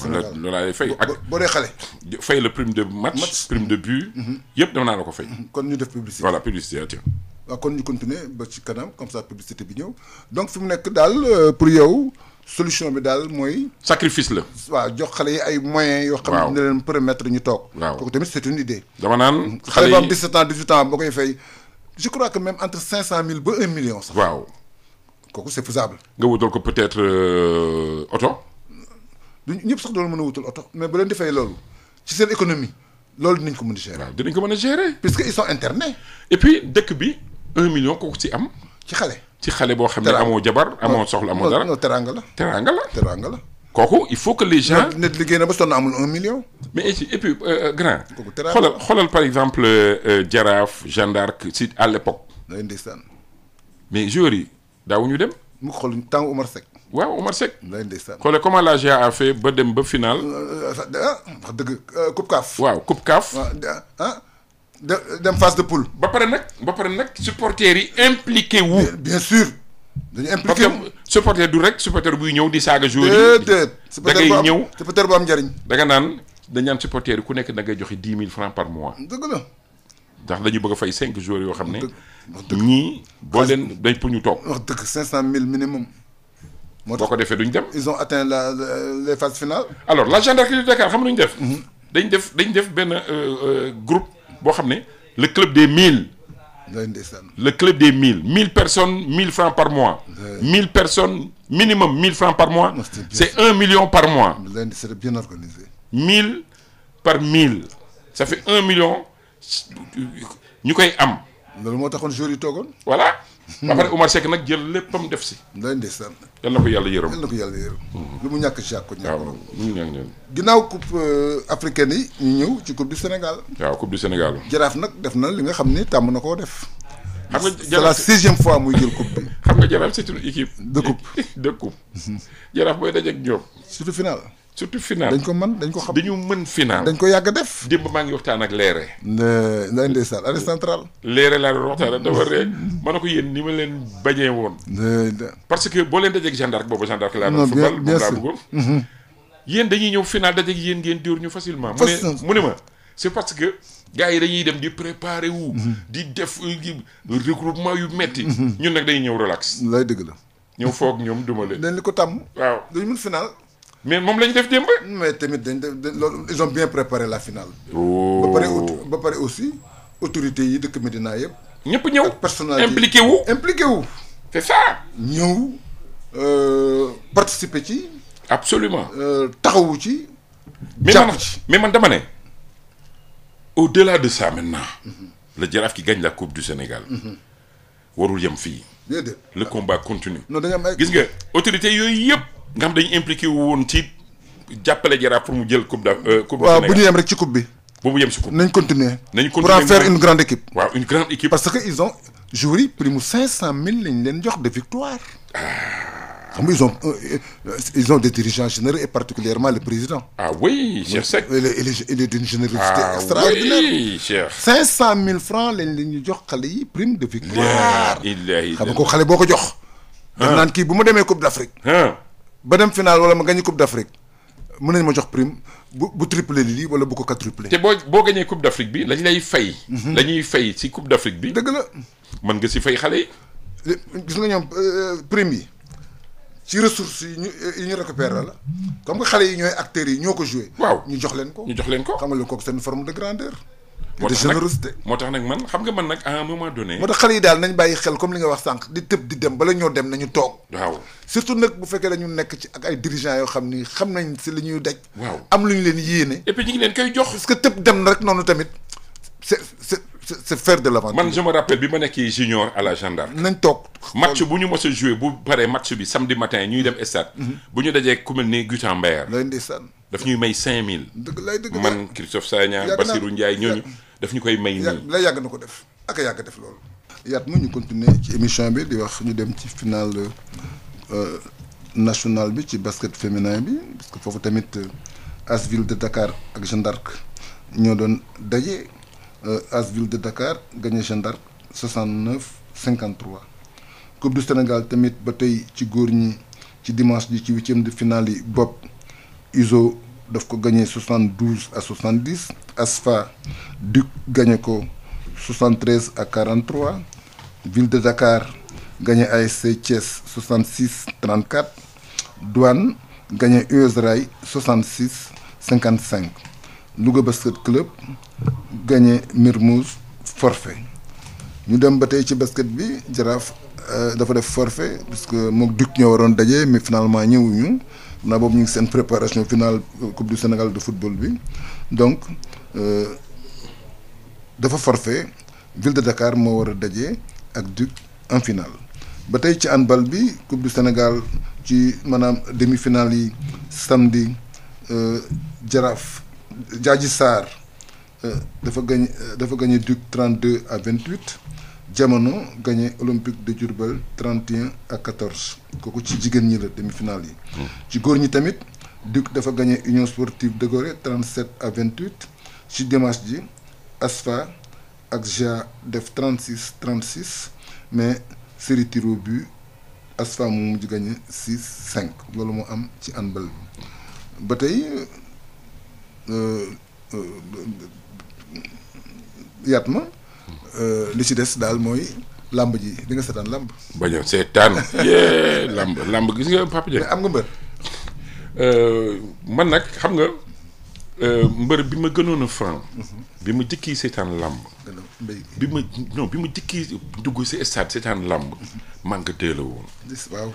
loolu laa fay ak boo dee xale. fay la prime de match. prime de but. Mm-hmm. yëpp dama naa la ko fay. Mm-hmm. kon ñu def publicité voilà publicité tiens. waaw kon ñu continuer ba ci kanam comme sa publicité bi ñëw donc fi mu nekk daal euh, pour yow solution bi daal mooy. sacrifice la. waaw jox xale yi ay moyens. yoo xam ne leen permettre ñu toog. waaw kooku tamit c'est une idée. dama naan mm-hmm. xale yi xale koy fay je même entre 500000 ba 1 million waaw. kooku c'est faisable. nga wutal ko peut-être euh, oto. du ñëpp sax doon mën a wutal oto mais bu leen defee loolu ci seen économie loolu dinañ ko mën a gérer. waaw dinañ ko mën a gérer. puisque ils sont internés. et puis dëkk bi un million kooku ci am. ci xale ci xale boo xam ne amoo jabar amoo soxla amoo dara. non teraanga la teraanga la teraanga la. kooku il faut que les gens. nit liggéey na ba sonn amul un million. mais et puis et puis euh, euh, grand. kooku teraanga xoolal xoolal par exemple Jaraaf Jeanne d'Arc si à l'époque. mais joueurs yi. ñu dem. mu xool temps Umar Seck. waaw Umar Seck. lay ndeysaan xoole comment la GA a ba dem ba final. Euh, euh, ah, wax dëgg euh, Coupe CAF. waaw Coupe CAF. Ah, dem phase de poule. ba pare nag ba pare nag supporters yi impliqué wu. bien sûr. dañu impliqué parce que supporter du rek supporter buy ñëw di saaga joueur yi. déedéet da ngay ñëw supporter bu am njariñ. da nga naan da ñaan supporter yi ku nekk da ngay joxe dix mille francs par mois. dëgg ndax dañu bëgg a fay cinq jours yoo xam ne. wax dëgg dañ pour ñu toog. wax dëgg cinq cent mille minimum. moo tax boo ko defee ñu dem. ils ont atteint la les phases finales. alors la gendarmerie de Dakar xam nañu def. Mhm. dañ def dañ def benn euh, euh, groupe boo xam ne le club des mille. le club des mille mille personnes mille francs par mois. mille personnes minimum mille francs par mois. c'est un million par mois. c'est bien organisé. mille par mille. ça un million. ñu koy am. loolu moo taxoon jour yi toogoon. voilà. ba pare Umar Seck nag jël léppam def si. ndey ndeysaan. yal yàlla yërëm yal na ko yàlla yërëm. Mhm. lu mu ñàkk si ko ñàkk waaw ginnaaw coupe euh, africaine yi ñu ñëw ci coupe du Sénégal. waaw coupe du Sénégal. jaraaf nag def na li nga xam ni tàmm na koo def. xam nga jaraaf c'est fois muy jël coupe bi. xam nga jaraaf c'est une équipe. coupe de coupe. jaraaf booy dajeeg ñoom. surtout final. surtout final dañ ko mën dañ ko xam dañu mën final. dañ ko yàgg a def. démb maa ngi waxtaan ak leere. na ndeysaan arrêt central. leere laa doon waxtaan dafa ree ma ne ko yéen ni ma leen bañee woon. parce que boo leen dajeeg gendarme boobu gendarme laa doon football moom laa bëggoon. Mhm. yéen dañuy ñëw final dajeeg yéen ngeen dóor ñu facilement. mu ne mu ne ma c'est parce que. gars yi dañuy dem di préparer wu. Mhm. di def regroupement yu metti mhm. ñun nag dañuy ñëw relax. lay dëgg la. ñëw foog ñoom duma leen. dañ li ko tàmm. waaw dañu mën final. mais moom la ñu def démb. mais tamit dañ loolu ils ont bien préparé la finale. Oh. ba pare aussi autorité yi dëkk Medina yëpp. ñëpp ñëw personnalité impliqué wu. impliqué wu. c'est ça. ñëw euh, participer ci. absolument euh, taxawu ci. jàpp mais man dama ne. au-delà de ça maintenant. Mhm. le Jaraaf qui gagne la coupe du Sénégal. Mhm. warul yem fii. déedéet le combat continue. non da nga am gis nga autorité yooyu yëpp. nga xam dañu impliqué wu woon ci jàppale Jaraaf pour mu jël coupe da euh, bu ñu yem rek ci coupe bi. boobu yem si coupe nañ continuer. nañ continuer pour en une grande équipe. waaw une grande équipe. parce que ils ont joueurs yi prime mu 500000 leen jox de victoire. Ah. xam nga ils ont euh, ils ont des dirigeants généreux et particulièrement le président. ah oui Cheikh Seck. il est il est d'une générosité ah extraordinaire. ah oui francs lañ leen ñu jox xale yi prime de victoire. xam nga ko xale boo ko jox. Ah. dañ naan kii bu ma demee Coupe d'Afrique. ba dem final wala ma gagné coupe d'Afrique mën nañ ma jox prime bu bu triplé lii wala bu ko quadruplé. te boo boo gagné coupe d'Afrique bi lañ lay fay. Mhm. la ñuy fay si coupe d'Afrique bi. dëgg la man nga si fay xale yi. gis nga ñoom euh, prime yi ci ressources yi ñu euh, yi ñu récupéré la comme que xale yi ñooy acteur yi ñoo ko joué. waaw ñu jox leen ko ñu jox leen ko. xam xamal leen ko seen forme de grandeur. moo tax nag moo tax nag man xam nga man nag à un moment donné. moo tax xale yi daal nañ bàyyi xel comme li nga wax sànq di tëb di dem bala ñoo dem nañu toog. waaw surtout nag bu fekkee dañu nekk ci ak ay dirigeants yoo xam ni xam nañ si li ñuy daj. waaw am lu ñu leen yéene. et puis ñu ngi leen koy jox. parce que tëb dem na rek noonu tamit c'est c'est c'est faire de l'avant man je me rappelle bi ma nekkee junior à la gendarme. nañ toog match bu ñu mos a bu paree match bi samedi matin ñuy dem stade. Mhm. bu ñu dajee ku mel ni Gutenberg. looy ndeysaan. daf ñuy may 5000. dëgg lay dëgg man Christophe Sagna Basirou ñoo ñooñu. daf ñu koy may nii la yàgg na ko def ak a yàgg def loolu. yaat ma ñu continuer ci émission bi di wax ñu dem ci final euh, national bi ci basket féminin bi parce que foofu tamit euh, AS de Dakar ak Jeanne ñoo doon daje euh, AS de dacar gagné Jeanne d'Arc 69 53. Coupe du Sénégal tamit ba tey ci góor ñi ci dimanche ji ci huitième de yi bopp. ISO daf ko gagné soixante douze à soixante dix ASFA DUC gagné ko soixante treize à quarante trois ville de Dakar gañe ASC Thiès soixante six trente quatre douane gañe US Rail soixante six cinquante cinq Louga Basket Club gagné Mermoz forfait ñu dem ba tey ci basket bi jaraaf euh, dafa def forfait parce que mook DUC ñoo waroon daje mais finalement ñëwuñu. naa boobu ñu ngi seen préparation finale euh, coupe du Sénégal de football bi donc euh, dafa forfait ville de Dakar moo war a daje ak Duc en finale ba tey ci handball bi coupe du Sénégal ci maanaam demi-finale yi samedi euh, Jaraaf Jaaji Sarr dafa gañ dafa gañe Duc 32 à 28. jamono gagné olympique de Diourbel 31 à 14 kooku ci jigéen ñi la demi-finale yi. Hmm. ci góor ñi tamit Duc dafa gagné union sportive de Gorée 37 à 28 ci dimanche ji ASFA ak GA def 36 36 mais série tir au but ASFA mu mujj gagné 6 5 loolu moo am ci handball bi ba tey. Euh, euh, yaat ma Euh, li si des daal mooy làmb ji li nga seetaan làmb. bañ a seetaan yee làmb làmb gis nga Papa Dieng. am nga mbër. Euh, man nag xam nga euh, mbër bi ma gënoon a franc. bi ma jëkki seetaan làmb. bi ma non bi ma jëkki dugg si stade seetaan làmb. man nga teel a woon. waaw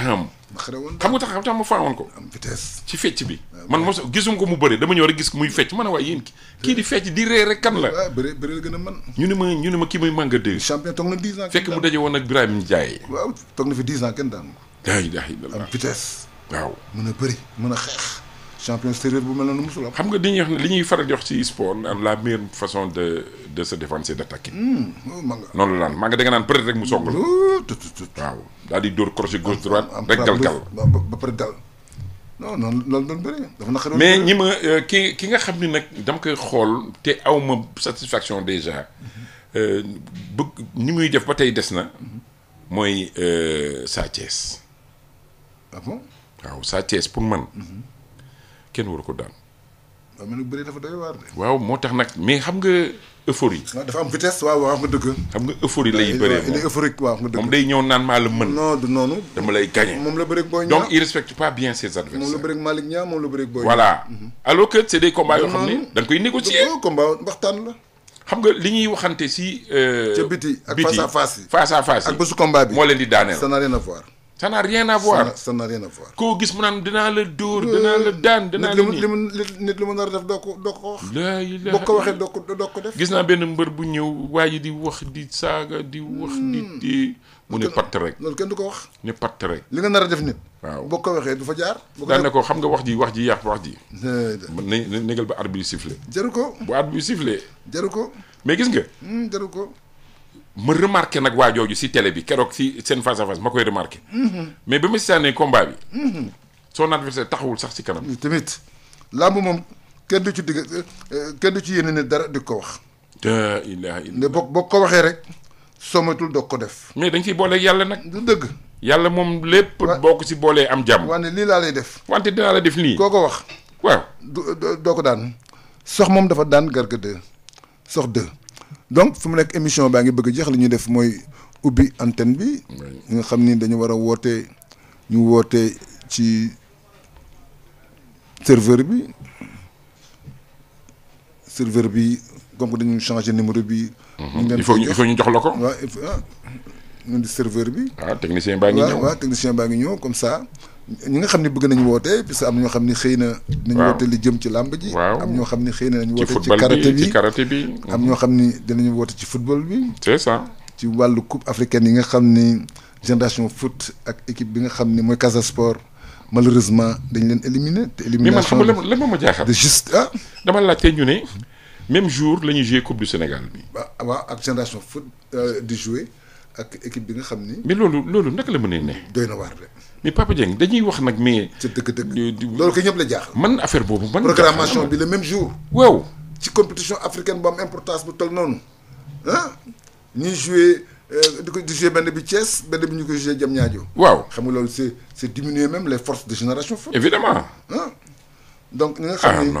temps xam nga tax xam tax ma faawoon ko am vitesse ci fecc bi ah, man mos gisuma ko mu bëri dama ñëw rek gis muy fecc man a waaye yéen kii di fecc di ree rek kan la bëri ah, bëri la gën a man ñu ne ma ñu ne ma kii muy mànga de champion toog na dix ans fekk mu daje woon ak Birahim Ndiaye waaw toog na fi dix ans kenn daan ko daa ilaha illallah am vitesse waaw mën a bëri mën a xeex champion sérieux bu mel noonu musul am. xam nga li ñuy wax li ñuy faral di wax ci sport naan la meilleure façon de de se défendre c'est d'attaquer. Hmm, ma nga noonu la naan maa nga da nga naan peut-être rek mu song la. waaw daal di dóor crochet gauche droite. rek gal gal ba pare dal. non noonu loolu doon bëri dafa mais ñi ma euh, ki ki nga xam ni nag dama koy xool te aw ma satisfaction déjà euh, bëgg ni muy def ba tey des na mooy euh, Sa Thiès. Ah waaw Sa Thiès pour man. Mhm. kenn waru ko daan. waaw mais nag bëri dafa doy waar de. waaw moo tax nag mais xam nga euphorie. waaw dafa am vitesse waaw waaw nga dëgg. xam nga euphorie lay bëree moom euphorique waaw nga dëgg. moom day ñëw naan maa la mën. non du noonu. dama lay gagné moom la bëri booy donc il respecte pas bien ses adversaires. moom la bëri Malick Niang moom la bëri booy. voilà mhm. alors que c'est des combats yoo xam ne da nga koy négocier. Oh, combat waxtaan la. xam nga li ñuy waxante si. Euh, ca biti ak face à face yi. face à face yi ak bésu combat bi moo leen di daaneel. ça n'a rien à voir ça n'a rien à voir ça n'a rien à voir koo gis mu naan dinaa la dóor danaa la daan dinaa la euh, nii nit li mu nar a def doo ko doo ko wax boo ko waxee doo ko doo ko def gis naa benn mbër bu ñëw waa ji di wax di saaga di wax di hmm. di mu ne patt rek loolu kenn du ko wax ne patt rek li nga nar a def nit waaw boo ko waxee du fa jaar daan na ko xam nga wax ji wax ji yàq wax ji ne négal ba arbitre sifflé jaru ko bu arbitre sifflé jaru ko mais gis nga hmm, jaru ko ma remarqué nag waa jooju si tele bi keroog si seen face à face ma koy remarqué. Mm-hmm. mais ba ma seetaanee combat bi. Mm-hmm. son adversaire taxawul sax si kanam. tamit làmb moom kenn du ci digg kenn du ci yéene ne dara di ko wax. la ilaha illa boo boo ko waxee rek soo somatul doog ko def. mais dañ ciy booleeg yàlla nag. du dëgg. yàlla moom lépp. boo ko si boolee am jàmm. wante lii laa lay def. wante dinaa la def nii. koo ko wax. waaw. doo ko daan. sox moom dafa daan garga deux sox donc fu mu nekk émission baa ngi bëgg a jeex li ñuy def mooy ubbi antenne bi. ñi nga xam ni dañu war a woote ñu woote ci serveur bi serveur bi comme que dañu changé numéro bi. Mhm. il faut il ñu jox la ko. waaw ñun di serveur bi. waaw ah, technicien baa ngi ñëw waaw technicien baa ngi ñëw comme ça. ñi nga xam ne bëgg nañu woote parce que am na ñoo xam ni xëy na. nañu woote li jëm ci làmb ji. am xam ne xëy na nañu woote. ci karaté bi ci bi. am ñoo xam ni dinañu woote ci football bi. c'est ça. ci wàllu coupe africaine yi nga xam ni génération foot ak équipe bi nga xam ne mooy Casa Sport dañ leen éliminer te élimination mais man xam nga lan ma jaaxal. Ah. ñu ne même jour la ñuy joué coupe Sénégal bi. waaw waaw ak génération euh, di jouer ak équipe bi nga xam ni. mais loolu loolu naka la mënee ne. doy na waar rek. mais Papa Dieng dañuy wax nag mais. ca dëgg-dëgg loolu kay ñëpp la jaaxal. man affaire boobu man. programmation bi le même jour. waaw ci compétition africaine bu am importance bu toll noonu ah ñuy joué euh, di ko di joué benn bi Thiès benn bi ñu ko joué Diamniadio. waaw xam nga loolu c'est c'est diminuer même les forces de génération. foofu évidemment ah donc ñi nga ah, xam ni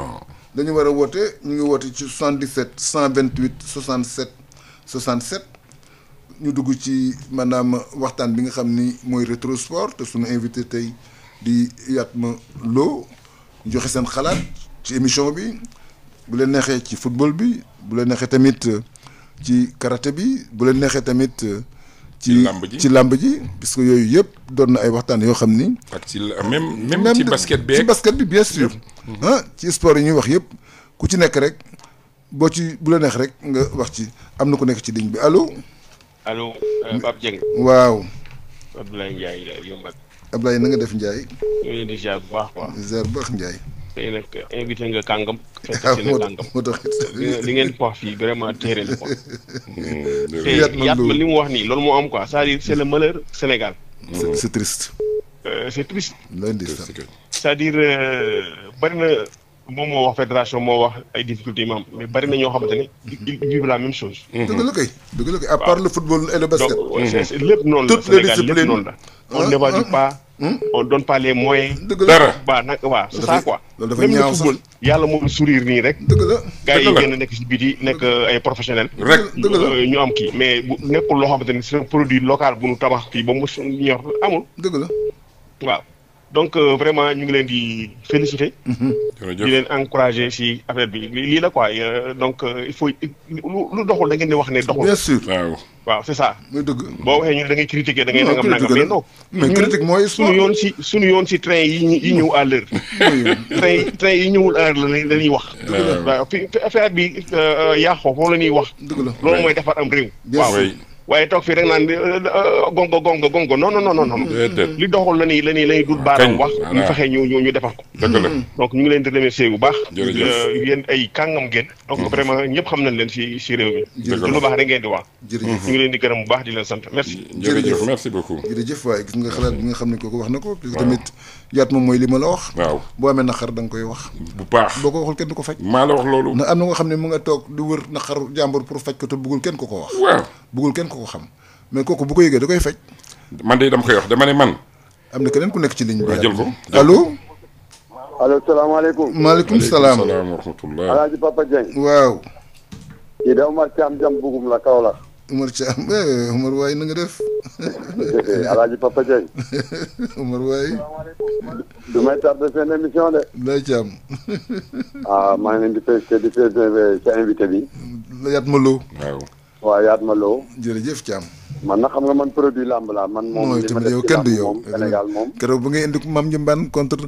dañu war a woote ñu ngi wootee ci 77 128 67 67. ñu dugg ci maanaam waxtaan bi nga xam ni mooy rétro sport te suñu invité tey di yaat ma loo joxe seen xalaat ci émission bi bu leen neexee ci football bi bu leen neexee tamit ci karaté bi bu leen neexee tamit ci ci làmb ji parce yooyu yëpp doon na ay waxtaan yoo xam ni ak ci même même ci basket bi ci bi bien sûr ah ci sport yi ñuy wax yëpp ku ci nekk rek boo ci bu la neex rek nga wax ci am na ku nekk ci ligne bi allo allo euh, Pape Dieng. waaw. Abdoulaye Ndiaye la na nga def Ndiaye. ñu ngi di ziar bu baax quoi. ziar baax Ndiaye. tey nag invité nga kàngam. ah moo moo tax li ngeen ko wax fii vraiment téere la quoi. te yaat ma li mu wax nii loolu moo am quoi cest à c'est le malheur Sénégal. c'est triste. Euh, c'est moom moo wax fédération moo wax ay difficultés yi am mais bari na ñoo xamante ne. ils vivent la même chose. dëgg la kay dëgg la kay à part le football et le basket. donc lépp noonu la Sénégal lépp noonu la. Ah, on n'évalue ah. pas. Hmm? on donne pas les moyens. dëgg la waaw nag waaw c'est ça quoi. loolu dafay ñaaw sax même le football yàlla moom sourire nii rek. dëgg la gars yi génn nekk si biti nekk ay professionnels. rek dëgg la euh, ñu am kii mais bu nekkul loo xamante ne c'est un produit local bu nu tabax kii ba mu ñor amul. dëgg la waaw. donc euh, vraiment ñu ngi leen di féliciter. Mhm. di leen encourager si affaire bi lii la quoi euh, donc euh, il faut lu doxul da ngeen di wax ne doxul. bien sûr waaw. waaw c'est ça. muy dëgg boo waxee ñu ne da ngay critiquer da ngay nangam nangam mais non. mais critique mooy suñu yoon si suñu yoon ci train yi ñëw à l'heure. train yi train yi ñëwul à l'heure la ñuy wax. waaw fi affaire bi yàqoo foofu la ñuy wax. dëgg la loolu mooy defar am réew. waaw waaye toog fii rek naan eh. Eh, eh, gongo gong gongo non non non non. li doxul la nii la nii la ñuy dut baaraam wax ñu fexe ñu ñu defar ko. dëgg mm-hmm. donc ñu ngi leen di remercier bu baax. jërëjëf euh, yéen ay kàngam ngeen. donc mm-hmm. vraiment xam nañ leen si si réew mi. dëgg lu baax ñu ngi leen di gërëm bu baax di leen sant merci. jërëjëf merci beaucoup. jërëjëf waaye gis nga xalaat bi nga xam ne kooku wax na ko. tamit yaat moom mooy li ma la wax. waaw boo amee naqar da nga koy wax. bu baax boo ko waxul kenn du ko faj. maa la wax loolu. na am na nga xam ne mu nga toog di wër naqar jàmbur pour faj ko te bëggul kenn ko ko wax. waaw bëggul kenn ko ko xam mais kooku bu ko yëgee da koy faj. man de dama koy wax dama ne man. am na keneen ku nekk ci ligne bi. waaw jël ko allo. allo salaamaaleykum. maaleykum salaam maaleykum salaam wa rahmatulah. Alaaji Papa Dieng. waaw. kii da Omar Thiam jam bugum la Kaolack. Umar Thiam eh, Umar waay na nga def. alaaji Papa Diagne. Umar waay. du may tardé seen émission de. lay Thiam. ah ngi leen di félicité bi. yaat ma loo. waaw. waaw yaat ma loo. jërëjëf Thiam. man nag xam oh, nga man produit làmb laa man. moom li ma def yow kenn du yow Sénégal moom. keroog bu ngay indi Mame Ndiambane contre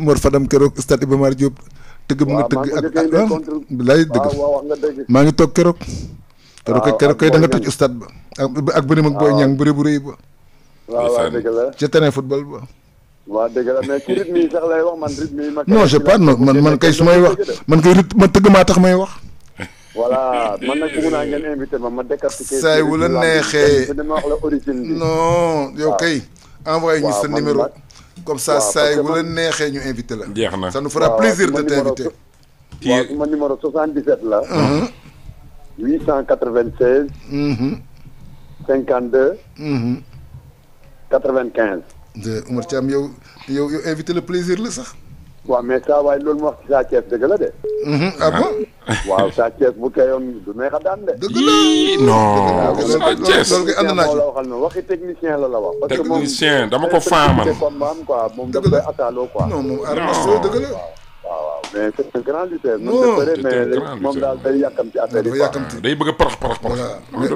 Mor eh, Fadam keroog stade Iba Mar tëgg bu nga tëgg ak ah bilaay dëgg. maa ngi toog keroog. waaw ak keroog kay da nga toj stade ba. ak bëri mag booy ñang bëri bu rëy ba. waaw waaw dëgg la ca football ba. dëgg la mais ci rythme yi wax man rythme ma non je pas non man man kay su may wax man kay rythme ma tëgg maa tax may wax. voilà man nag bëgg naa ngeen invité ma ma décortiquer. saa yu la neexee dama wax la origine bi. non yow kay. envoyé ñu sa numéro. comme ça saa yu la neexee ñu invité la. jeex na ça nous fera plaisir ma numéro 77 la. Uh-huh. huit cent quatre vingt seize. Mhm. cinquante deux. Mhm. quatre vingt quinze. Omar Thiam yow yow yow invité le plaisir la sax. waaw Sa Thiès dëgg la de. Mhm. Ah Sa Thiès bu teyoon du neex a de. dëgg la non Sa Thiès loolu kay ànd naa ci la waxal noonu waxi technicien la la wax. parce que moom non moom mais c'est grand lutteur. non c'est un moom daal day yàkkamti affaire yi. waaw day bëgg a parax parax parax.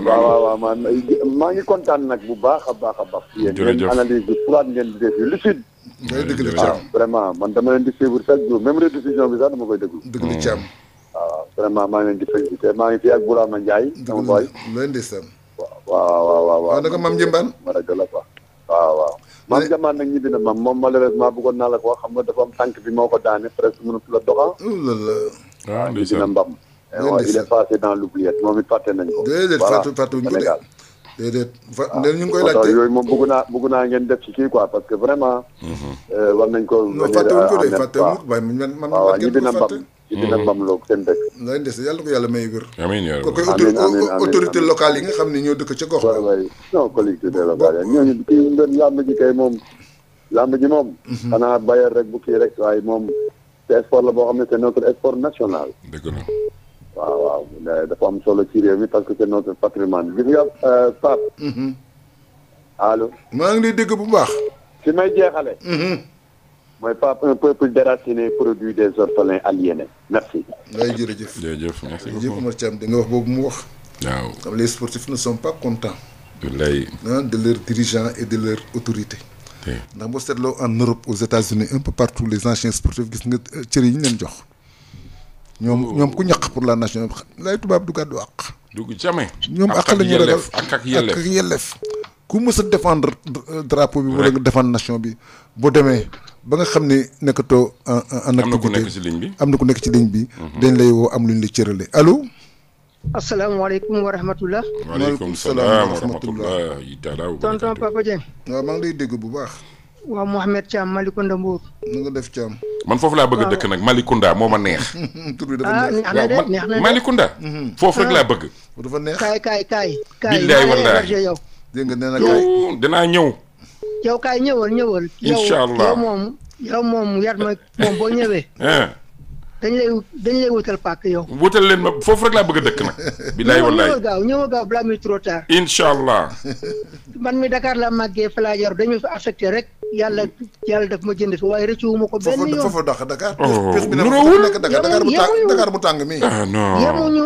waaw maa ngi kontaan nag bu baax a baax a baax. jërëjëf yéen yéen analyse bi froide ngeen di def yu lucide. jërëjëf dëgg la Thiam vraiment man dama leen di suivre chaque jour même rediffusion bi sax dama koy déglu. dëgg la hmm. Thiam. waaw vraiment maa ngi leen di félicité maa ngi fi ak Bourama Ndiaye. sama boy. dëgg la Ndeye waaw waaw waaw waaw. waaw naka maam Njëmbaan. ma rajo la quoi. waaw waaw man jamaan nag ñibbi na ma moom malheureusement bëggoon naa la ko wax xam nga dafa am tànk bi moo ko daane presque mënatu la doxal ah, waaw ñibbi na mbam eh, waaw il est passé dans l'oubliette moom it fàtte nañ ko déedéet fàttu fàttu ñu ko Sénégal déedéet fa ah. ñu ngi koy laajte yooyu moom bëgg naa bëgg naa ngeen def ci kii quoi parce que vraiment mm-hmm. euh, war nañ ko fàtte wuñ ko de fàtte man man ñibbi na mbam dina mhm. bamloog seen dëkk. lay des yàlla may wér. amiin yaa rabbi amiin autorité locale yi nga xam ne ñoo dëkk ca gox. waaw waay non collectivité locale yi ñooñu kii ngeen làmb ji kay moom. làmb ji moom. Mhm. xanaa bayal rek bu rek waaye moom. te sport la boo xam ne c'est notre sport national. dëgg la. waaw waaw dafa am solo ci réew mi parce que c'est notre patrimoine gis nga euh, Pape. Mhm. allo. maa ngi lay dégg bu baax. fi may jeexale. mooy Pape un peuple déraciné produit des orphelins aliénés merci. waaye jërëjëf jërëjëf jërëjëf Omar Thiam da nga wax boobu mu wax. waaw xam les sportifs ne sont pas contents. wallaay de leurs dirigeants et de leur autorité. ndax boo seetloo en Europe aux États-Unis un peu partout les anciens sportifs gis nga euh, cër ñu leen jox. ñoom oh. ñoom ku ñaq pour la nation lay tubaab du gàddu àq. du jamais. ñoom àq la ñu ragal ak ak yelleef ak yelleef ku mës a défendre drapeau bi. wala nga défendre nation bi boo demee. ba nga xam ne nekkatoo en euh, euh, am na ku nekk ci ligne bi am na ku nekk ci ligne bi. Mhm. dañ lay woo am lu ñu la cërale allo. asalaamaaleykum wa rahmatulah. waaleykum salaam wa rahmatulah. waaw maa ngi dégg bu baax. waaw Mouhamed Thiam Malicounda Mbour. mu nga def Thiam. man foofu laa bëgg a dëkk nag Malicounda moo ma neex. tur bi dafa ah, neex ah foofu rek laa bëgg. dafa neex kaay kaay kaay. kaay maa ngi lay ñëw. yow kaay ñëwal ñëwal. incha allah yow moom yow moom yar ma moom boo ñëwee. Eh. dañ lay dañ lay wutal pàkk yow. wutal leen ma foofu rek laa bëgg a dëkk nag. bilaay wallaay ñëwal gaaw ñëwal gaaw balaa muy trop tard. incha man mi Dakar laa màggee fa laa jar dañu fi affecté rek. yàlla yàlla daf ma jënd fi waaye rëccu wu ma ko. benn yoon foofu dax Dakar. Oh, pes bi nekk Dakar bu tàng mi. ah non yemuñu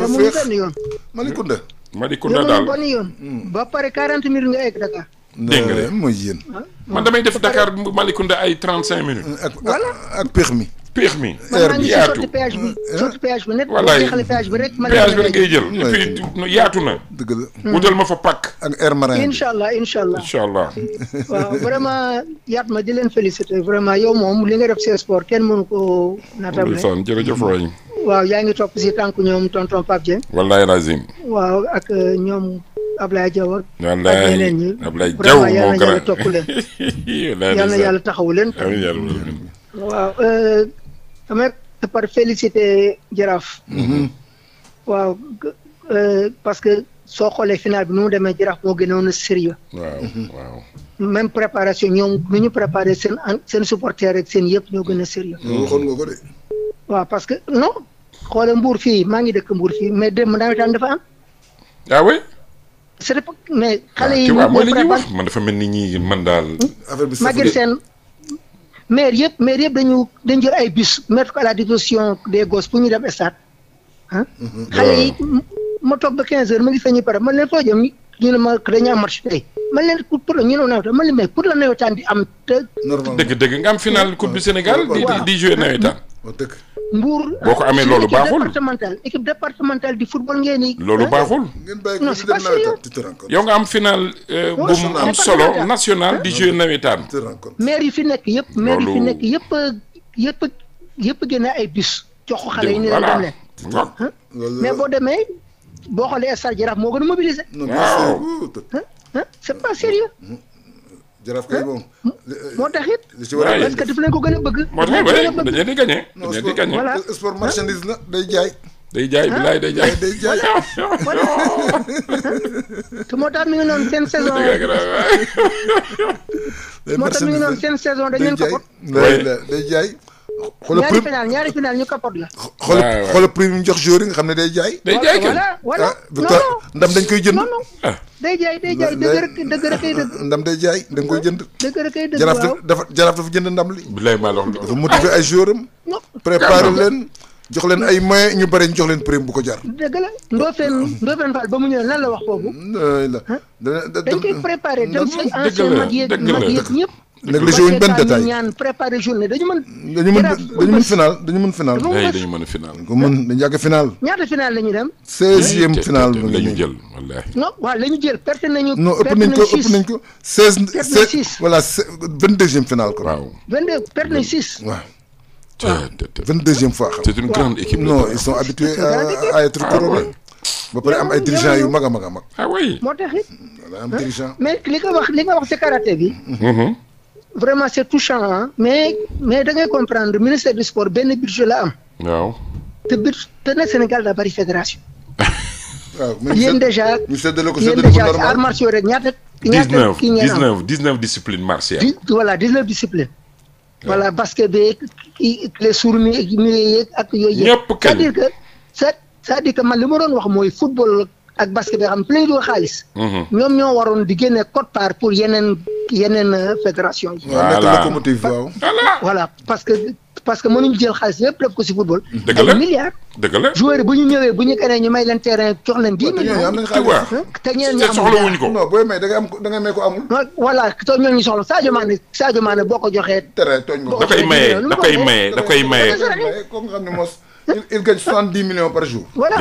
yemuñu benn yoon. Malicounda. Malicounda daal yemuñu benn yoon. Hmm. ba pare 40 minutes nga egg Dakar. dégg nga de euh, mooy yéen. man damay def Dakar Malicounda ay trente cinq minutes. ak ak ak permis péex mi. yaatu man péage bi eh? bi rek ma péage bi rek ngay jël. et puis yaatu na. dëgg hmm. ma fa pak ak air marin incha allah incha allah incha waaw vraiment yaat ma di leen féliciter vraiment yow moom li nga def ci sport kenn mënu ko naatable. ndeysaan jërëjëf waay. waaw yaa ngi topp si tànk ñoom tonton Pape Dieng. wallaay lazim. waaw ak euh, ñoom. Ablaye Diaw ak. wallaay ñeneen ñi Ablaye Diaw moo gën a vraiment yal na yàlla topp leen. yal na yàlla taxawu leen. amiin yàlla waaw. Euh, dama par félicité Jaraaf. Mhm. waaw euh, parce que soo xoolee final bi nu demee Jaraaf moo gënoon a sérieux. waaw mhm. préparation ñoom nu ñu préparé seen seen supporter rek seen yëpp ñoo gën a sérieux. Mhm. waxoon waaw parce que non xoolee Mbour fii maa ngi dëkk Mbour fii mais démb nawetaan dafa am. ah oui. c' est mais xale ah, yi. ñu ngi wax man daal. Hmm? affaire seen maire yëpp maire yëpp dañu dañ jël ay bus mettre ko la disposition des gosses pour ñu dem stade ah. xale ma toog ba 15 heures ma gis nañu pare man leen foo jëm ñu ne ma dañu am match tey man leen pour pour ñu ne nawetaan man leen mais pour la nawetaan di am te. normalement dëgg final coupe du Sénégal. di di di jouer mbuur boo ko amee loolu baaxul départemental équipe départementale du football ngeen ni. loolu baaxul. ngeen bàyyi ko ñu dem nawetaan tu yow nga am final. Euh, bu am solo national di jouer nawetaan. tu te yi fi nekk yëpp. maire yi fi nekk yëpp yëpp yëpp génne ay bis. jox ko xale yi ni leen dem mais boo demee boo xoolee stade Jaraaf moo gën a mobiliser. waaw c'est pas sérieux mm, mm. jaraaf kay moom. Hmm? moo taxit. li ci war a parce que ko gën a bëgg. moo tax ba dañ leen di gagné. dañ di gagné euh, sport marchandise la day jaay. day jaay bilaay day jaay day jaay. te moo tax mi ngi noonu seen saison. moo tax saison dañ leen day jaay xoolal prime ñaari final ñaari final ñu kapoot la. waaw waaw xoolal prime jox joueur yi nga xam ne day jaay. day jaay kenn voilà voilà ah, victoire ndam dañ koy jënd. Ah. day jaay day jaay dëgg rek dëgg rek kay ndam day jaay dañ koy jënd. dëgg rek kay dëgg waaw jaraaf dafa jaraaf dafa jënd ndam li. bilaay maa loxo dafa motiver ay joueur am. préparer leen. jox leen ay moyens ñu bëri ñu jox leen prime bu ko jar. dëgg la Ndofène Ndofène Fall ba mu ñëwee lan la wax foofu. dañ koy préparer dem si enchaînement yeeg mag yeeg ñëpp léegi joué wuñ benn détail ñaan préparé journée dañu mën. dañu mën dañu mën final dañu mën final. dañu mën final. dañu ko mën dañu yàgg final. ñaata final la ñu jël wallaahi. ëpp nañ ko ëpp nañ ko. seize seize voilà vingt deuxième final quoi. waaw vingt deux perte nañ six. vingt deuxième fois xam. c'est une grande équipe. non ils sont habitués à être ah couronnés. am ay dirigeants yu mag a mag a mag. ah oui moo taxit. am dirigeant mais li nga wax li nga wax ci karaté bi. Mm-hmm. vraiment c' est touchant mais mais da ngay comprendre ministère du sport benn budget la am. waaw. te budget te nag Sénégal da bari fédération. waaw yéen déjà yéen déjà ci arts martiaux rek ñaata. ñaata kii ngeen am 19 19 discipline martiale. di voilà 19 discipline. voilà basket beeg kii les sourds mi yeeg ak yooyu. ñëpp kenn c'est-à-dire que cest dire que man li ma doon wax mooy football ak basket bi nga xam plaidoo xaalis. Mhm. ñoom ñoo waroon di génne quote part pour yeneen yeneen euh, fédération yi. voilà voilà parce que parce que mënuñu jël xaalis yëpp def ko si football. dëgg la ay bu ñu ñëwee bu ñu gënee ñu may leen terrain jox leen dix millions. te ñooñu soxlawuñu may da ngay am da ngay may ko amul. voilà te ñooñu soxla Sadio Mané Sadio Mané boo ko joxee. terrain tooñ nga ko da koy maye da koy maye da koy maye. il il gagne soixante dix millions par jour. voilà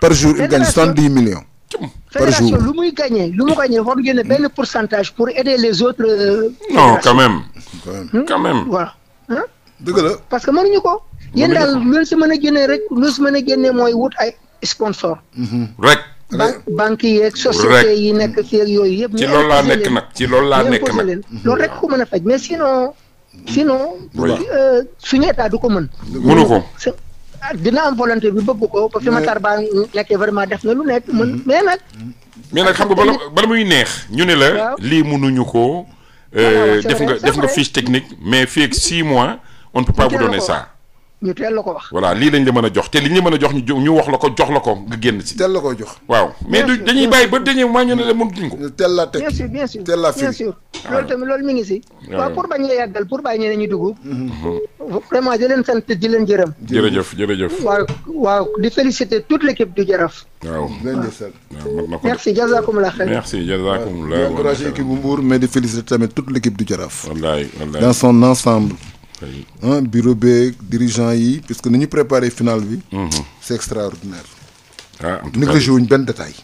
par jour il gagne soixante dix millions. par jour fédération lu muy gagné lu mu gagné war génne benn pourcentage pour aider les autres. Euh, non quand même. quand même hmm? voilà. dëgg la parce que mënuñu ko. yéen daal loolu si mën a génnee rek loolu si mën a mooy wut ay sponsor mhm. rek. banque yi yeeg société yi nekk ci yooyu yëpp. ci loolu laa nekk nag ci loolu la nekk nag. loolu rek ko mën a mais sinon. sinon. Euh, suñu état du ko mën. mënu ko. Ah, dina am volonté bi bëgg ko. ba fi ma tar baa nekkee vraiment def na lu nekk mën mm-hmm. mais nag. mais nag xam nga bala bala muy neex. ñu ne la lii mënuñu ko. Euh, def nga def nga fiche technique mais fii ak mois on ne peut pas vous donner ça. ñu teel la ko wax voilà lii lañ la mën a jox te li ñu mën a jox ñu ñu wax la ko jox la ko nga génn si teel la ko jox waaw mais du dañuy bàyyi ba dañuy maa ñu ne la mënatuñ ko teel la teg bien sûr bien sûr teel la bien sûr loolu tamit loolu mi ngi si waaw pour bañ la yàggal pour bàyyi ñeneen ñu dugg mm-hmm. vraiment di leen sant di leen jërëm jërëjëf jërëjëf waaw di féliciter toute l'équipe xel merci jazakumullah encouragé équipe bu dans son ensemble ah bureau beeg dirigeant yi parce que ni préparé final bi. Mhm. c' est extraordinaire. ah en tout cas négligé wuñ benn détail.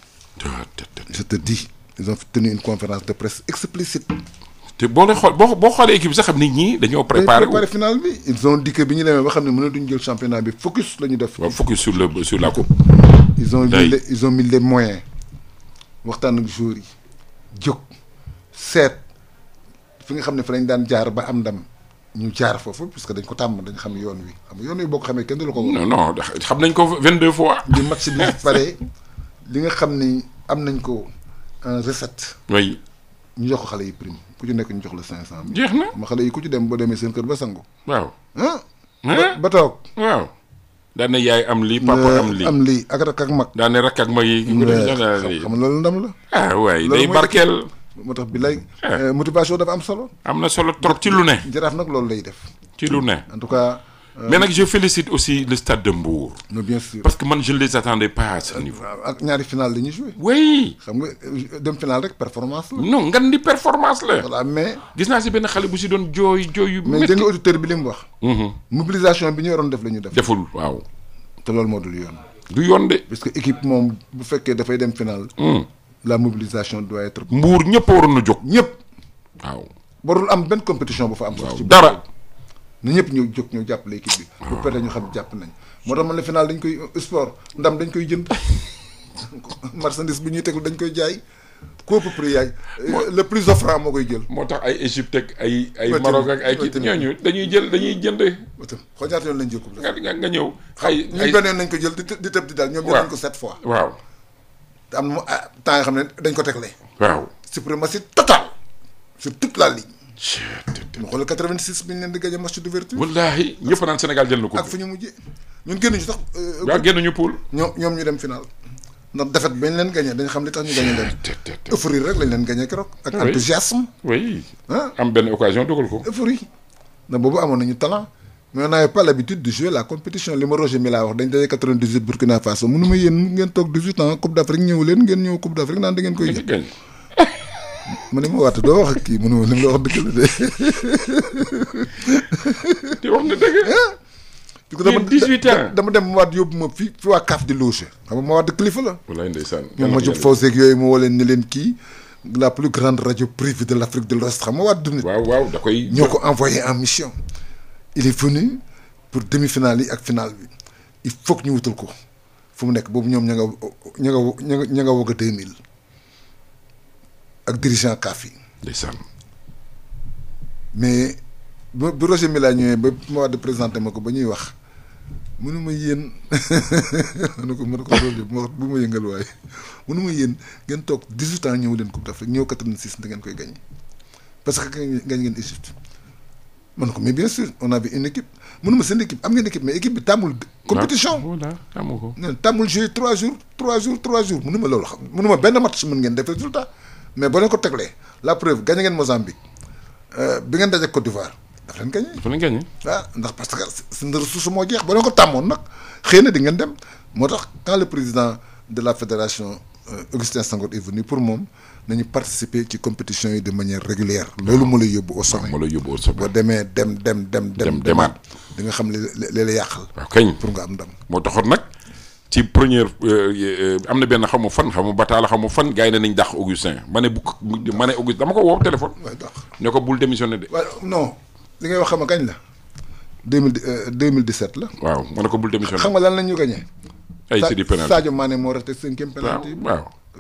Ah, je te dis ils ont tenu une conférence de presse explicite. te boo lay xool boo boo xoolee équipe sa xam nit ñi dañoo. préparé préparé final bi ils ont dit que bi ñu demee ba xam ne mënatuñ jël championnat bi focus la ñu def. waaw focus sur le la coupe. ils ont mis les ils waxtaan ak joueurs yi jóg seet fi nga xam ne fa lañ daan jaar ba am ndam. ñu jaar foofu puisque dañ ko tàmm dañ xam yoon wi xam yoon wi boo ko xamee kenn du la ko. non non xam nañ ko vingt deux fois. di match bi pare li nga xam ni am nañ ko un recette. oui ñu jox ko xale yi prime ku ñu nekk ñu jox la cinq cent jeex na ma xale yi ku ci dem boo demee seen kër ba sangu. waaw ba toog waaw. daan na yaay am lii papa am lii am lii ak rakk ak mag. daan na rakk ak mag xam nga loolu ndam la. ah day barkeel. moo tax bi lay. Ah. Euh, motivation dafa am solo. am na solo trop ci lu ne. jaraaf nag loolu lay def. ci lu ne en tout cas. Euh, mais nag je félicite aussi le stade de Mbour. non bien sûr parce que man je ne les attendais pas à euh, nga dem performance la. non mais. gis naa si benn xale bu si doon jooy jooy yu. mais dégg auditeur bi li mu wax. Mhm. mobilisation bi ñu waroon def la def. deful waaw. te loolu moo dul yoon. du yoon de. parce équipe moom bu fekkee dafay dem final. Hmm. la mobilisation doit être. mbuur ñëpp waroon na jóg. ñëpp waaw. warul am benn compétition bu fa am. ci dara. na ñëpp ñëw jóg ñëw jàppale équipe bi. bu perte ñu xam jàpp nañ moo tax man la final dañ koy sport ndam dañ koy jënd marchandise bu ñuy tegul dañ koy jaay kooku prix yaay. le plus offrant moo koy jël. moo tax ay Égypte ay ay Maroc ak ay kii ñooñu dañuy jël dañuy jënd. xool ñaata yoon lañ jël ko. nga nga ñëw. ay ay ñun beneen nañ ko jël di tëb di daal. ñoom ñoo ko sept fois waaw. te am na ah, temps yoo xam ne dañ ko tegle. waaw suprématie totale sur toute la ligne. je te mu xool 86 bi ñu leen di gagné match d'ouverture. wallaahi ñëpp naan Sénégal jël na ko. ak fu ñu mujjee ñun génnuñu sax. Euh, waaw génnuñu pool. ñoom ñoom ñu dem final. ndax defet bañ leen gagné dañ xam li tax ñu gagné leen. euphorie rek lañ leen gagné keroog. ak enthousiasme. oui ah. am benn occasion dogal ko. euphorie ndax boobu amoon nañu talent. mais on n'avait li ma Roger mi laa wax dañ daje ma yéen ngeen toog 18 ans ne ma wax ak kii mënu ma li nga wax dëgg la de. te wax dama dem waat yóbbu ma fi fi waa CAF di loge xam nga ma waat kilifa la. walaay ndeysaan. ma jub Fawcet yooyu ma leen ni leen kii. la plus grande radio privée de l' Afrique de l' Ouest xam nga waat. waaw waaw da koy ñoo ko envoyé en mission. il est venu pour demi-finale yi ak finale bi il faut que ñu wutal ko fu mu nekk boobu ñoom ña nga ña nga ña nga ña nga wog deux mille ak dirigeant CAF yi. ndeysaan. mais bu bu Roger Milla ñëwee ba ma wax de présenté ma ko ba ñuy wax ma yéen mënu ko mënu ko Roger bu ma bu ma yëngal waaye mënuma yéen ngeen toog dix-huit ans ñëw leen Coupe d'Afrique ñëw quatre-vingt-six da ngeen koy gagné parce que gañ ngeen Égypte. mën ko mais bien sûr on avait une équipe mënuma seen équipe am ngeen équipe mais équipe bi tàmmul. compétition waaw tàmmu ko. tàmmul jouer trois jours trois jours trois jours mënuma loolu xam mënuma benn match mën ngeen def résultat mais boo leen ko teglee la preuve gagné ngeen Mozambique euh, bi ngeen daje Côte d'Ivoire daf leen gagné. dafa leen gagné ah, ndax parce que seen ressource moo jeex boo leen ko tàmmoon nag xëy na di ngeen dem moo tax quand le président de la fédération euh, Augustin Senghor est venu pour moom. nañu participer ci compétition yi de manière régulière. loolu moo lay yóbbu au sommet moo lay yóbbu au sommet boo demee dem dem dem. dem demaat di nga xam li li la yàqal. waaw kañ pour nga am ndam. moo taxoon nag ci première euh, euh, am na benn xaw ma fan xamu ma bataala xaw ma fan gars yi ne nañ dàq Augustin ma ne bu ma ne Augustin dama ko woo téléphone. waaw dàq ne ko bul démissionné de. non li ngay wax xam nga kañ la. 2000 2017 euh, la. waaw ma ne ko bul démissionné. xam nga lan lañ ñu gagné. ay séddi penalty moo raté cinquième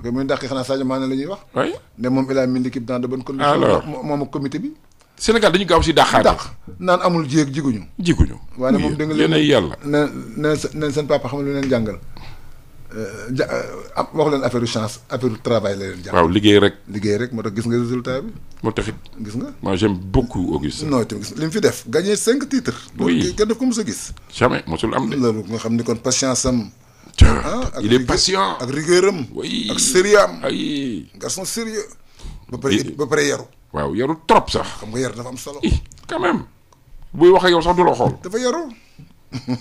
que muy dàqee xanaa Sadio Mané la ñuy wax. oui ne moom il a mis l'équipe dans de bonnes conditions. alors moom ak comité bi. Sénégal dañu gaaw si dàqaate. naan amul jéeg jiguñu. jiguñu waaye leen yéenay yàlla. na na seen papa xam lu leen jàngal. Euh, ja euh, wax leen affaire chance affaire travail la leen jàpp. waaw liggéey rek. liggéey rek moo tax gis nga résultat bi. moo taxit gis nga. moi j'aime beaucoup Auguste. li mu fi def gagné cinq titres. oui kenn def ko mos a gis. jamais mosul xam ni kon patience am. putain ah, il est patient ak rigueur am ak sérieux am ay garçon sérieux ba pare ba pare yaru waaw yaru trop sax xam nga yar dafa am solo eh, quand même buy wax ak yow sax du la dafa yaru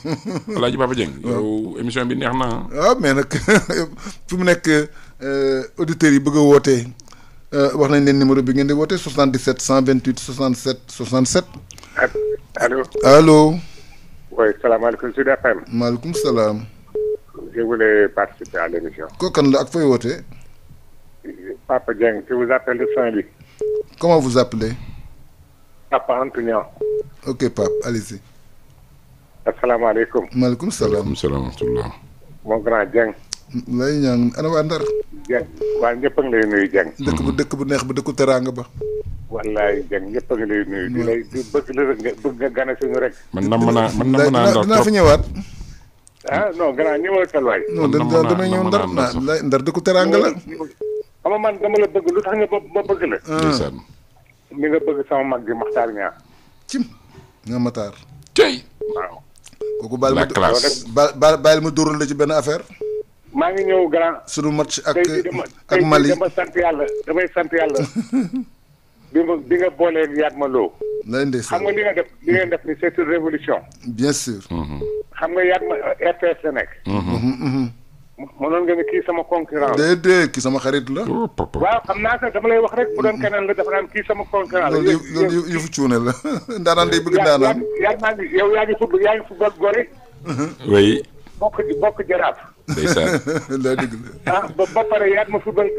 Alaaji Papa Dieng yow émission bi neex na waaw ah, mais nag fi mu nekk euh, auditeurs yi bëgg a wootee euh, wax nañ leen numéro bi ngeen di wootee 77 128 67 67 allo allo waaye salaamaaleykum Sud FM maaleykum salaam qui voulait participer à l'émission. kookan la ak fooy wootee. Papa Dieng qui vous appelle de Saint-Louis. comment vous appelez. Papa Antounian. ok Pape allez-y. asalaamaaleykum. maaleykum salaam salaam. mon grand Dieng. lay ñaan ana Ndar. Dieng waa ñëpp a ngi lay nuyu Dieng. dëkk bu dëkk bu neex ba dëkku teraanga ba. wallaay Dieng ñëpp a ngi lay nuyu. di bëgg la nga bëgg nga gane suñu rek. man namm naa man naa. dinaa fi ñëwaat. ah non grand ñëwal Kalwaay. non damay ñëw ndar naa ndar dëkku teraanga la. xam man dama la bëgg lu tax nga ma bëgg la. ni nga bëgg sama mag bi Maxtaar ñaar. cim nga Maxtaar. tey. waaw. kooku baal ma baal baal ma dóoral la ci benn affaire. maa ngi ñëw grand. sunu match ak ak Mali tey sant yàlla damay sant yàlla. bi ma bi nga boolee Yatma Lo. lay ndeysaan xam nga li nga def li ngeen def ni c'est révolution bien sûr. Mm-hmm. xam nga ma euh, RTS la nekk. Mm-hmm. Mm-hmm, mënoon nga ne kii sama concurrent la. déedéet kii sama xarit la. waaw xam naa sax dama lay wax rek bu doon keneen la dafa naan kii sama concurrent la. yéen yéen loolu cuune la ndaanaan day bëgg ndaanaan. yaa yaa yow yaa ngi football yaa ngi football gore. bokk bokk jaraaf. ndeysaan. la. ah ba ba pare Yatma football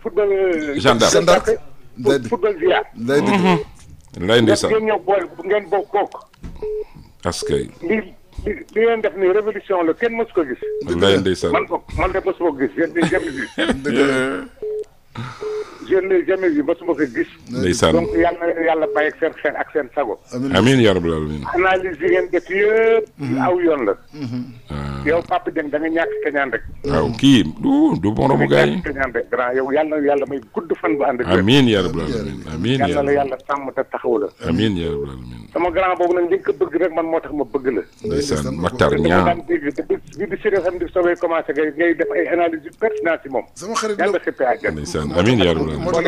football. Euh, football via. lay dëgg lay ndeysaan ngeen ñëw boole ngeen bokk bokk. askay. li li li la kenn mës ko gis. man de mës ko gis je n'ai jamais vu basuma ko gis. ndeysaan donc yal na yàlla bàyyi ak seen xel ak seen sago. amiin yaa rabbal aalamiin. analyse yi ngeen def yëpp. Mhm. aw yoon la. Mhm. yow Papa Dieng da nga ñàkk kañaan rek. Ah. waaw kii du du moromu gars yi da nga ñàkk kañaan rek grand yow yal na yàlla may gudd fan bu ànd ak. amiin yaa rabbal aalamiin amiin yal na yàlla sàmm te taxaw la. amiin yaa rabbal aalamiin. sama grand boobu nag li nga ko bëgg rek man moo tax ma bëgg la. ndeysaan Matar ñaa bi bi si xam ne soobee commencé ngay def ay analyse yu pertinent ci moom. sama xarit la yàlla xippee àjjana. ndeysaan amiin yaa rabbal moo tax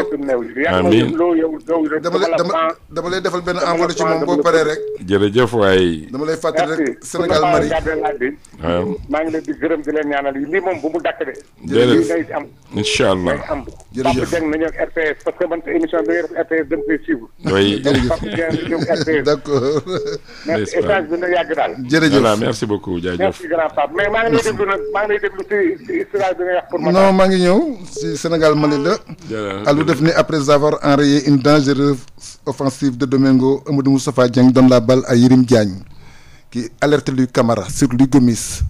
amiin dama dama lay defal benn envoi ci moom boo paree rek. jërëjëf waay. dama lay fàttali rek Sénégal Mali. maa ngi leen di gërëm di leen ñaanal lii moom bu mu dakk de. jërëjëf am incha allah am. jërëjëf Pape Dieng RTS parce que man émission bi nga def RTS da nga koy suivre. oui jërëjëf d'accord. merci échange bi na yàgg maa ngi ñëw si Sénégal Mali la. jërëjëf Aliou def ni après avoir enrayé une dangereuse offensive de Domingo Amadou Moustapha Dieng donne la bal à Yérim Diagne qui alerte Louis Camara sur Louis Gomis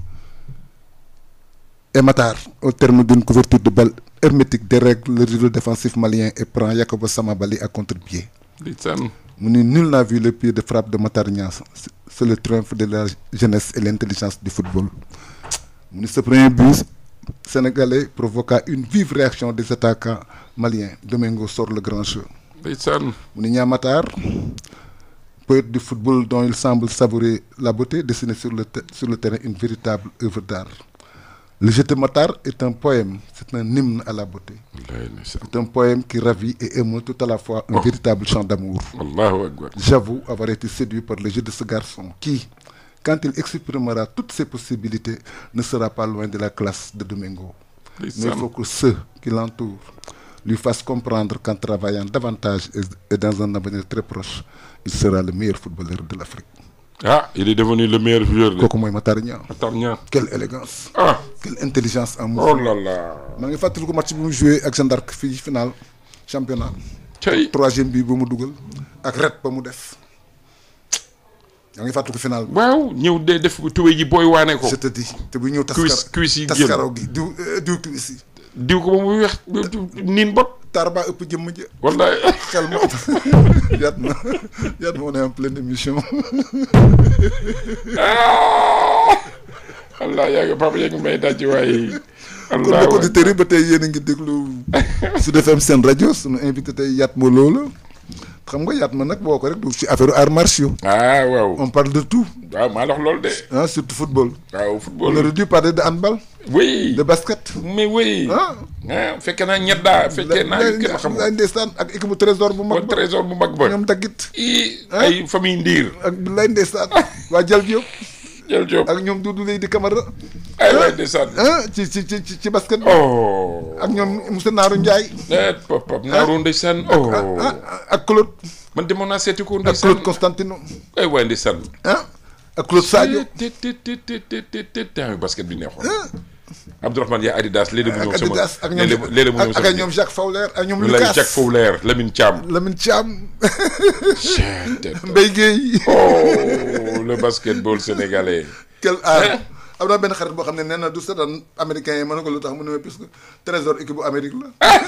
et Matar au terme d'une couverture de balle hermétique dérègle le rideau défensif malien et prend Yacobo Samabali à contre mu ni nul n'a vu le pied de frappe de Matar Niass c'est le triomphe de la jeunesse et l'intelligence du football mu ni ce premier but sénégalais provoqua une vive réaction des attaquants maliens Domingo sort le grand jeu poète du football dont il semble savourer la beauté, dessine sur le, sur le terrain une véritable œuvre d'art. Le Jeté Matar est un poème, c'est un hymne à la beauté. C'est un poème qui ravit et émeut tout à la fois un oh. véritable chant d'amour. J'avoue avoir été séduit par le jeu de ce garçon qui, quand il exprimera toutes ses possibilités, ne sera pas loin de la classe de Domingo. Mais il faut que ceux qui l'entourent lui fassent comprendre qu'en travaillant davantage et dans il sera le meilleur footballeur de l'Afrique. Ah, il est devenu le meilleur joueur. kooku mooy Matar Niang. Matar Niang. quelle élégance. ah quelle intelligence en mouvement. oh là maa ngi fàttaliku match bi mu joué ak Jeanne d'Arc fii final championnat. tey troisième bi ba mu dugal. ak ret ba mu def. yaa ngi fàttaliku final bi. waaw ñëw de def tubéy ji booy waane ko. je te te bu ñëw taskar cuisse euh, cuisse yi génn taskaraw gi diw diw cuisse diw ko ba mu weex niin bot tarba ëpp jëmm ji wallaay xel ma yaat na yaat ma on est en pleine émission ah! allah yaa ngi papa yaa ngi may daj waaye allah kon auditeurs yi ba tey yéen a ngi déglu Sud FM seen rajo sunu invité tey yaat moo loolu xam nga yaat ma nag boo ko rek du ci affaire arts martiaux. ah waaw on parle de tout. waaw ah, maa la de. Ah, surtout football. waaw football on aurait de handball. de basket. mais oui. ah ah fekkee naa ñeddaa. fekkee xam la ndeysaan ak équipe trésor bu mag ba trésor bu mag ba ñoom daggit. ay famille ndiir. Ah. ak lay ndeysaan waa Jalle Diop. Jalle Diop ak ñoom Doudou Leydi Camara. ay waay ndeysaan ci ci ci ci basket bi. ak ñoom monsieur Naaru Ndiaye. pop pop Naaru ndeysaan. ak Claude. man demoon naa seeti ko. ndeysaan ak Claude Constantino. ay waay ndeysaan. ak Claude Sadio. te te te te te te te basket bi neexoon. Abdourahmane yaa Adidas léeg-léeg mu ñëw sama ak léeg-léeg mu ñëw sama ak ñoom Jacques Fowler ak ñoom Lucas Jacques Fowler Lamine Thiam Lamine Thiam Mbaye oh, le basketball sénégalais quel art am naa xarit boo xam ne nee na du seetaan américain yi mën na ko lu tax mu ne ma puisque trésor équipe bu Amérique la ah!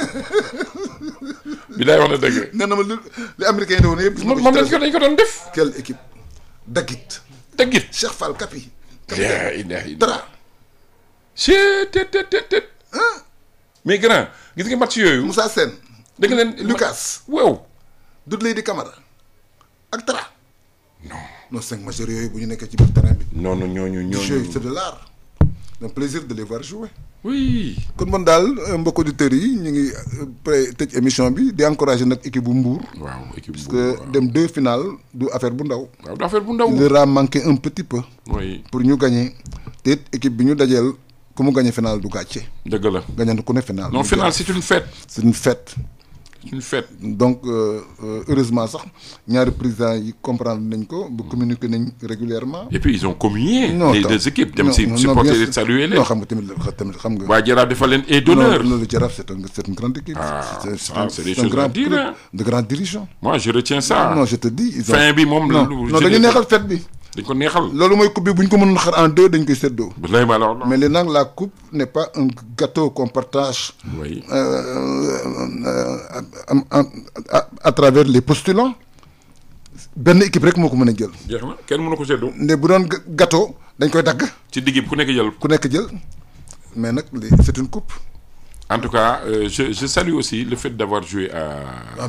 bi laay wax dëgg nee na ma li li américain woon yëpp moom lañ ko dañ ko doon def quelle équipe daggit daggit Cheikh Fall Kapi cheetet mais grand gis nga match yooyu. Moussa Sène. da nga leen Lucas. wow. Dudley di Camara ak Tara. no non cinq majeurs yooyu bu ñu nekkee ci biir terrain bi. non non ñooñu ñooñu c'est de l'art un plaisir de les jouer. oui. kon man daal euh, mbokk auditeurs yi ñu ngi euh, pré tëj émission bi di encourager nag équipe bu Mbour. waaw dem deux finales du affaire bu ndaw. waaw du affaire bu ndaw. il leur a manqué un petit peu. pour ñu gagner te équipe bi ñu dajeel. ku mu gagné final du gàcce. dëgg la gagné ku ne final. non final c'est une fête. c'est une fête. donc euh, euh, heureusement sax ñaari président yi comprendre nañ ko bu communiquer nañ régulièrement. et puis ils ont communié. non xam nga tamit tamit xam nga. waa Jaraaf dafa leen aide d'honneur. loolu Jaraaf c'est une grande équipe. Ah, ah, c'est des choses à de grand dirigeant. je retiens ça. non je te dis. fin bi moom la. non dañu neexal fête bi. dañ ko neexal loolu mooy coupe bi bu ñu ko mënoon xar en deux dañ koy séddoo. bilaay ma la mais léegi nag la coupe n'est pas un gâteau qu'on partage. oui euh, euh, euh, à travers les postulants benn équipe rek moo ko mën a jël. jeex na kenn mënu ko séddoo. ndee bu doon gâteau dañ koy dagg. ci digg bi ku nekk jël. ku nekk jël mais nag c'est une coupe. en tout cas je je salue aussi le fait d'avoir joué à.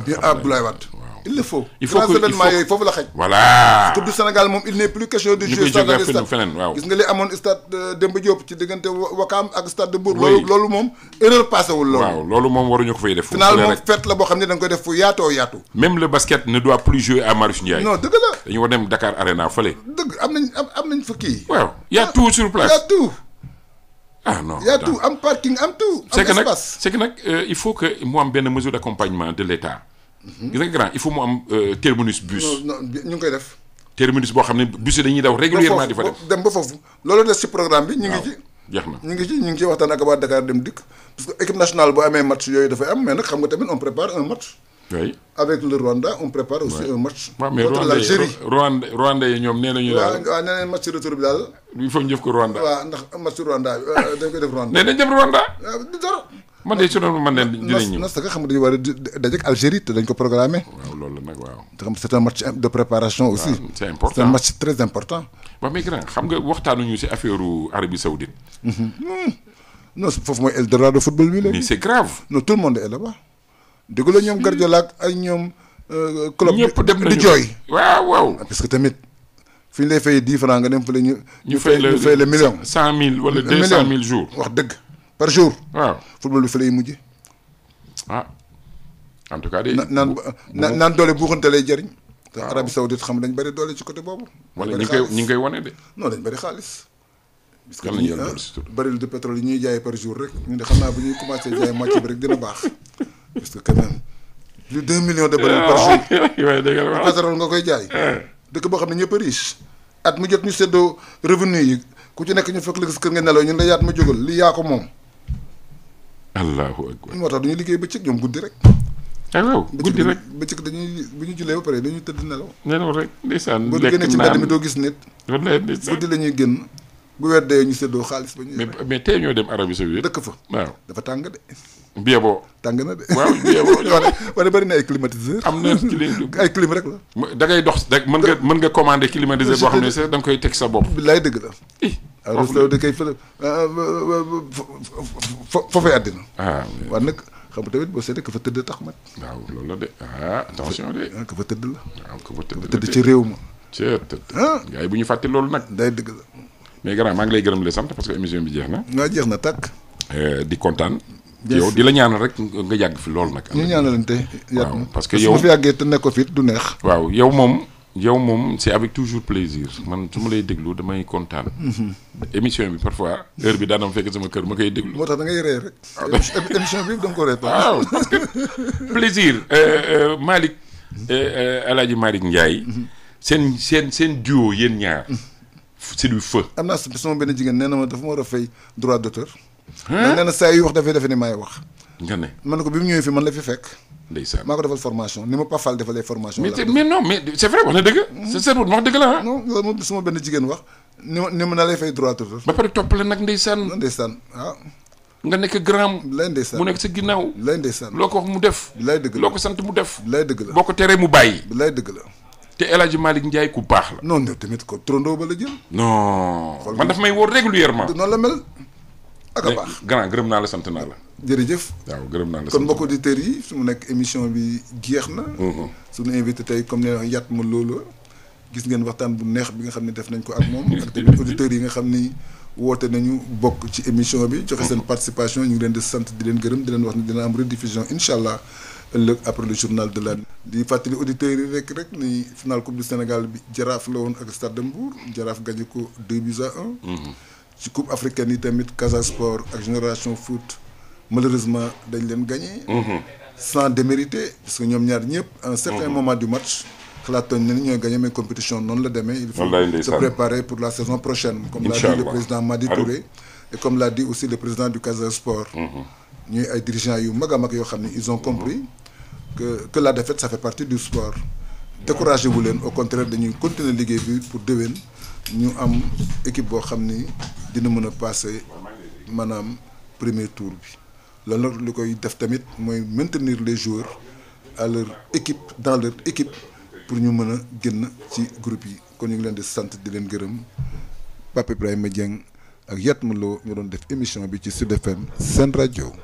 à ah, Abdoulaye Wade. il le faut. il faut que il faut yooyu foofu la xëj. voilà coupe du Sénégal moom il n'est plus question de. jouer feneen waaw. gis nga li amoon stade euh, Demba Diop ci diggante Wakaam ak stade de Mbour. loolu moom erreur passé wul loolu. waaw loolu moom waruñu ko fay def. final moom fête la boo xam ne da nga koy def fu yaatoo yaatu. même le basket ne doit plus jouer à Marius Ndiaye. non dëgg la dañu war dem Dakar Arena fële. dëgg am nañ am nañ fa kii. waaw y a ah, tout sur place y a tout. ah non y am parking am tout. am espace c'est nag c'est que nag euh, il faut que mu benn mesure d'accompagnement de l'État Mhm. gis nga grand il faut mu am euh, terminus bus. non ñu ngi koy def. terminus boo xam ne bus yi dañuy daw régulièrement di fa dem ba foofu loolu des ci programme bi ñu ngi ci. jeex na ñu ngi ci ñu ngi ci waxtaan ak waa Dakar dem dikk parce que équipe nationale boo amee match yooyu dafay am mais xam nga tamit on prépare un match. oui avec le Rwanda on prépare aussi un match. contre l'Algérie Rwanda Rwanda yi ñoom nee nañu. daal waaw nee nañu match retour bi daal. man de ci doon man de dinañ ñëw nas naka xam nga dañu war a dajeeg Algérie te dañ ko programmé. te xam c' est un match de Arabie Saoudite. Mhm. Hmm. non foofu mooy Eldorado football bi léegi. mais c' est grave. non tout le monde est là-bas. ñoom Guardiola ay ñoom. Euh, club di jooy. waaw waaw. Ah, parce que tamit. fi ñu lay fay dix nga dem fa la ñu. fay la million. cent mille wala deux cent mille wax dëgg. par jour. waaw football bi fa lay mujj. ah en tout cas. day naan naan naan doole buuxante lay jëriñ. te Arabie Saoudite xam nañ bari doole ci côté boobu. wala ñu ngi koy wane de. bëri xaalis. parce que ah, ñuy baril de ñuy jaay par jour rek ñu ne xam naa bu ñuy commencé jaay moitié bi rek dina baax parce que quand plus deux millions de baril par jour pétrole nga koy jaay eh. dëkk boo xam ne ñëpp riche at mu jot ñu seddoo revenu yi ku ci nekk ñu fekk la gis kër nga nelaw ñun la yaat ma jógal li yaa ko moom allahu akbar moo tax du ñu liggéey bëccëg ñoom guddi rek. ah waaw guddi rek bëccëg dañuy bu ñu jullee ba pare dañuy tëdd nelaw. nelaw rek ndeysaan. lekk naan boo génnee ci mbedd mi doo gis nit. wallaay ndeysaan guddi ñuy génn. bu weer dee ñu séddoo xaalis ba ñuy. mais mais ñoo dem Arabie Saoudite. dëkk fa waaw dafa tàng de. Biebo. tàng na de waaw Biebo. wala bëri na ay climatiseur. am na ay clim rek la. da ngay dox rek mën nga mën nga commandé climatiseur boo xam ne sax da nga koy teg sa bopp. laay dëgg la. waaw ah, restau ah, ah, àddina. waaw nag xam nga tamit boo seetee ka fa tëdd tax mat. waaw loolu la de ah tëdd la. waaw ka fa tëdd ci réew ma. cee tëdd. gars bu ñu fàtte loolu nag. day dëgg la. mais grand maa ngi lay gërëm di sant parce que émission bi jeex na. waaw jeex na tàkk. Euh, di kontaan. yow di la ñaanal rek nga yàgg fi loolu nag. ñu ñaanalante yàgg na parce que yow su ma fi yàggee du neex. waaw yow moom yow moom c'est avec toujours plaisir man su ma lay déglu damay kontaan. Mhm. émission bi parfois heure bi daanam fekk sama ma koy déglu. moo tax ngay ree rek. émission bi da nga ko ree waaw euh, euh, mhm. euh, mhm. seen seen seen duo yéen ñaar. c'est du feu. am naa sama na ma dafa ma war a fay droit ndax nee na saa yuy wax dafay defe ni may wax. nga ne man ko bi mu ñëwee fi man la fi fekk. ndeysaan maa ko defal formation ni ma Pafal defalee formation. mais mais non mais c'est hmm. ma benn jigéen wax ni ma na lay fay droit d'auteur. nag ndeysaan. ndeysaan waaw. Ah. nga nekk grand lay ndeysaan mu nekk sa ginnaaw. lay ndeysaan loo ko mu def. lay dëgg ko sant mu def. lay dëgg la boo mu bàyyi. lay dëgg la. te El Hadj ku baax la. non tamit ko trondoo ba la jël. non man daf may woo régulièrement la mel. ak a baax grand gërëm naa la sant naa la. jërëjëf waaw gërëm naa la kon mbokk auditeurs yi su mu nekk émission bi jeex na. su mm-hmm. suñu invité tey comme ne yat ma loolu gis ngeen waxtaan bu neex bi nga xam ne def nañ ko ak moom ak tamit auditeurs yi nga xam ni woote nañu bokk ci émission bi joxe seen mm-hmm. participation ñu ngi leen di sant di leen gërëm di leen wax ne dina am rediffusion incha allah ëllëg après le journal de la di fàttali auditeurs yi rek rek ni final coupe du Sénégal bi jaraaf la woon ak Stade de Mbour jaraaf gagné ko 2 ci coupe africaine yi tamit Casa Sport ak Génération Foot malheureusement dañ leen gagné. Mhm. sans démériter parce que ñoom ñaar ñëpp. à un certain mhm. moment du match. xalaatoon nañ ñooy gagné mais compétition noonu la demee. il faut se préparer pour la saison prochaine. comme l'a dit le président Madi Touré. et comme l'a dit aussi le président du Casa Sport. Mhm. ñuy ay dirigeants yu mag a yoo xam ne ils ont compris. que que la défaite ça fait partie du sport. découragé wu pour déwén. ñu am équipe boo xam ni dina mën a passé maanaam premier tour bi loolu nag li koy def tamit mooy maintenir les joueurs à leur équipe dans leur équipe pour ñu mën a génn ci groupe yi kon ñu ngi leen di sant di leen gërëm Pape Ibrahima Dieng ak Yatma Lo ñu doon def émission bi ci Sud FM seen rajo.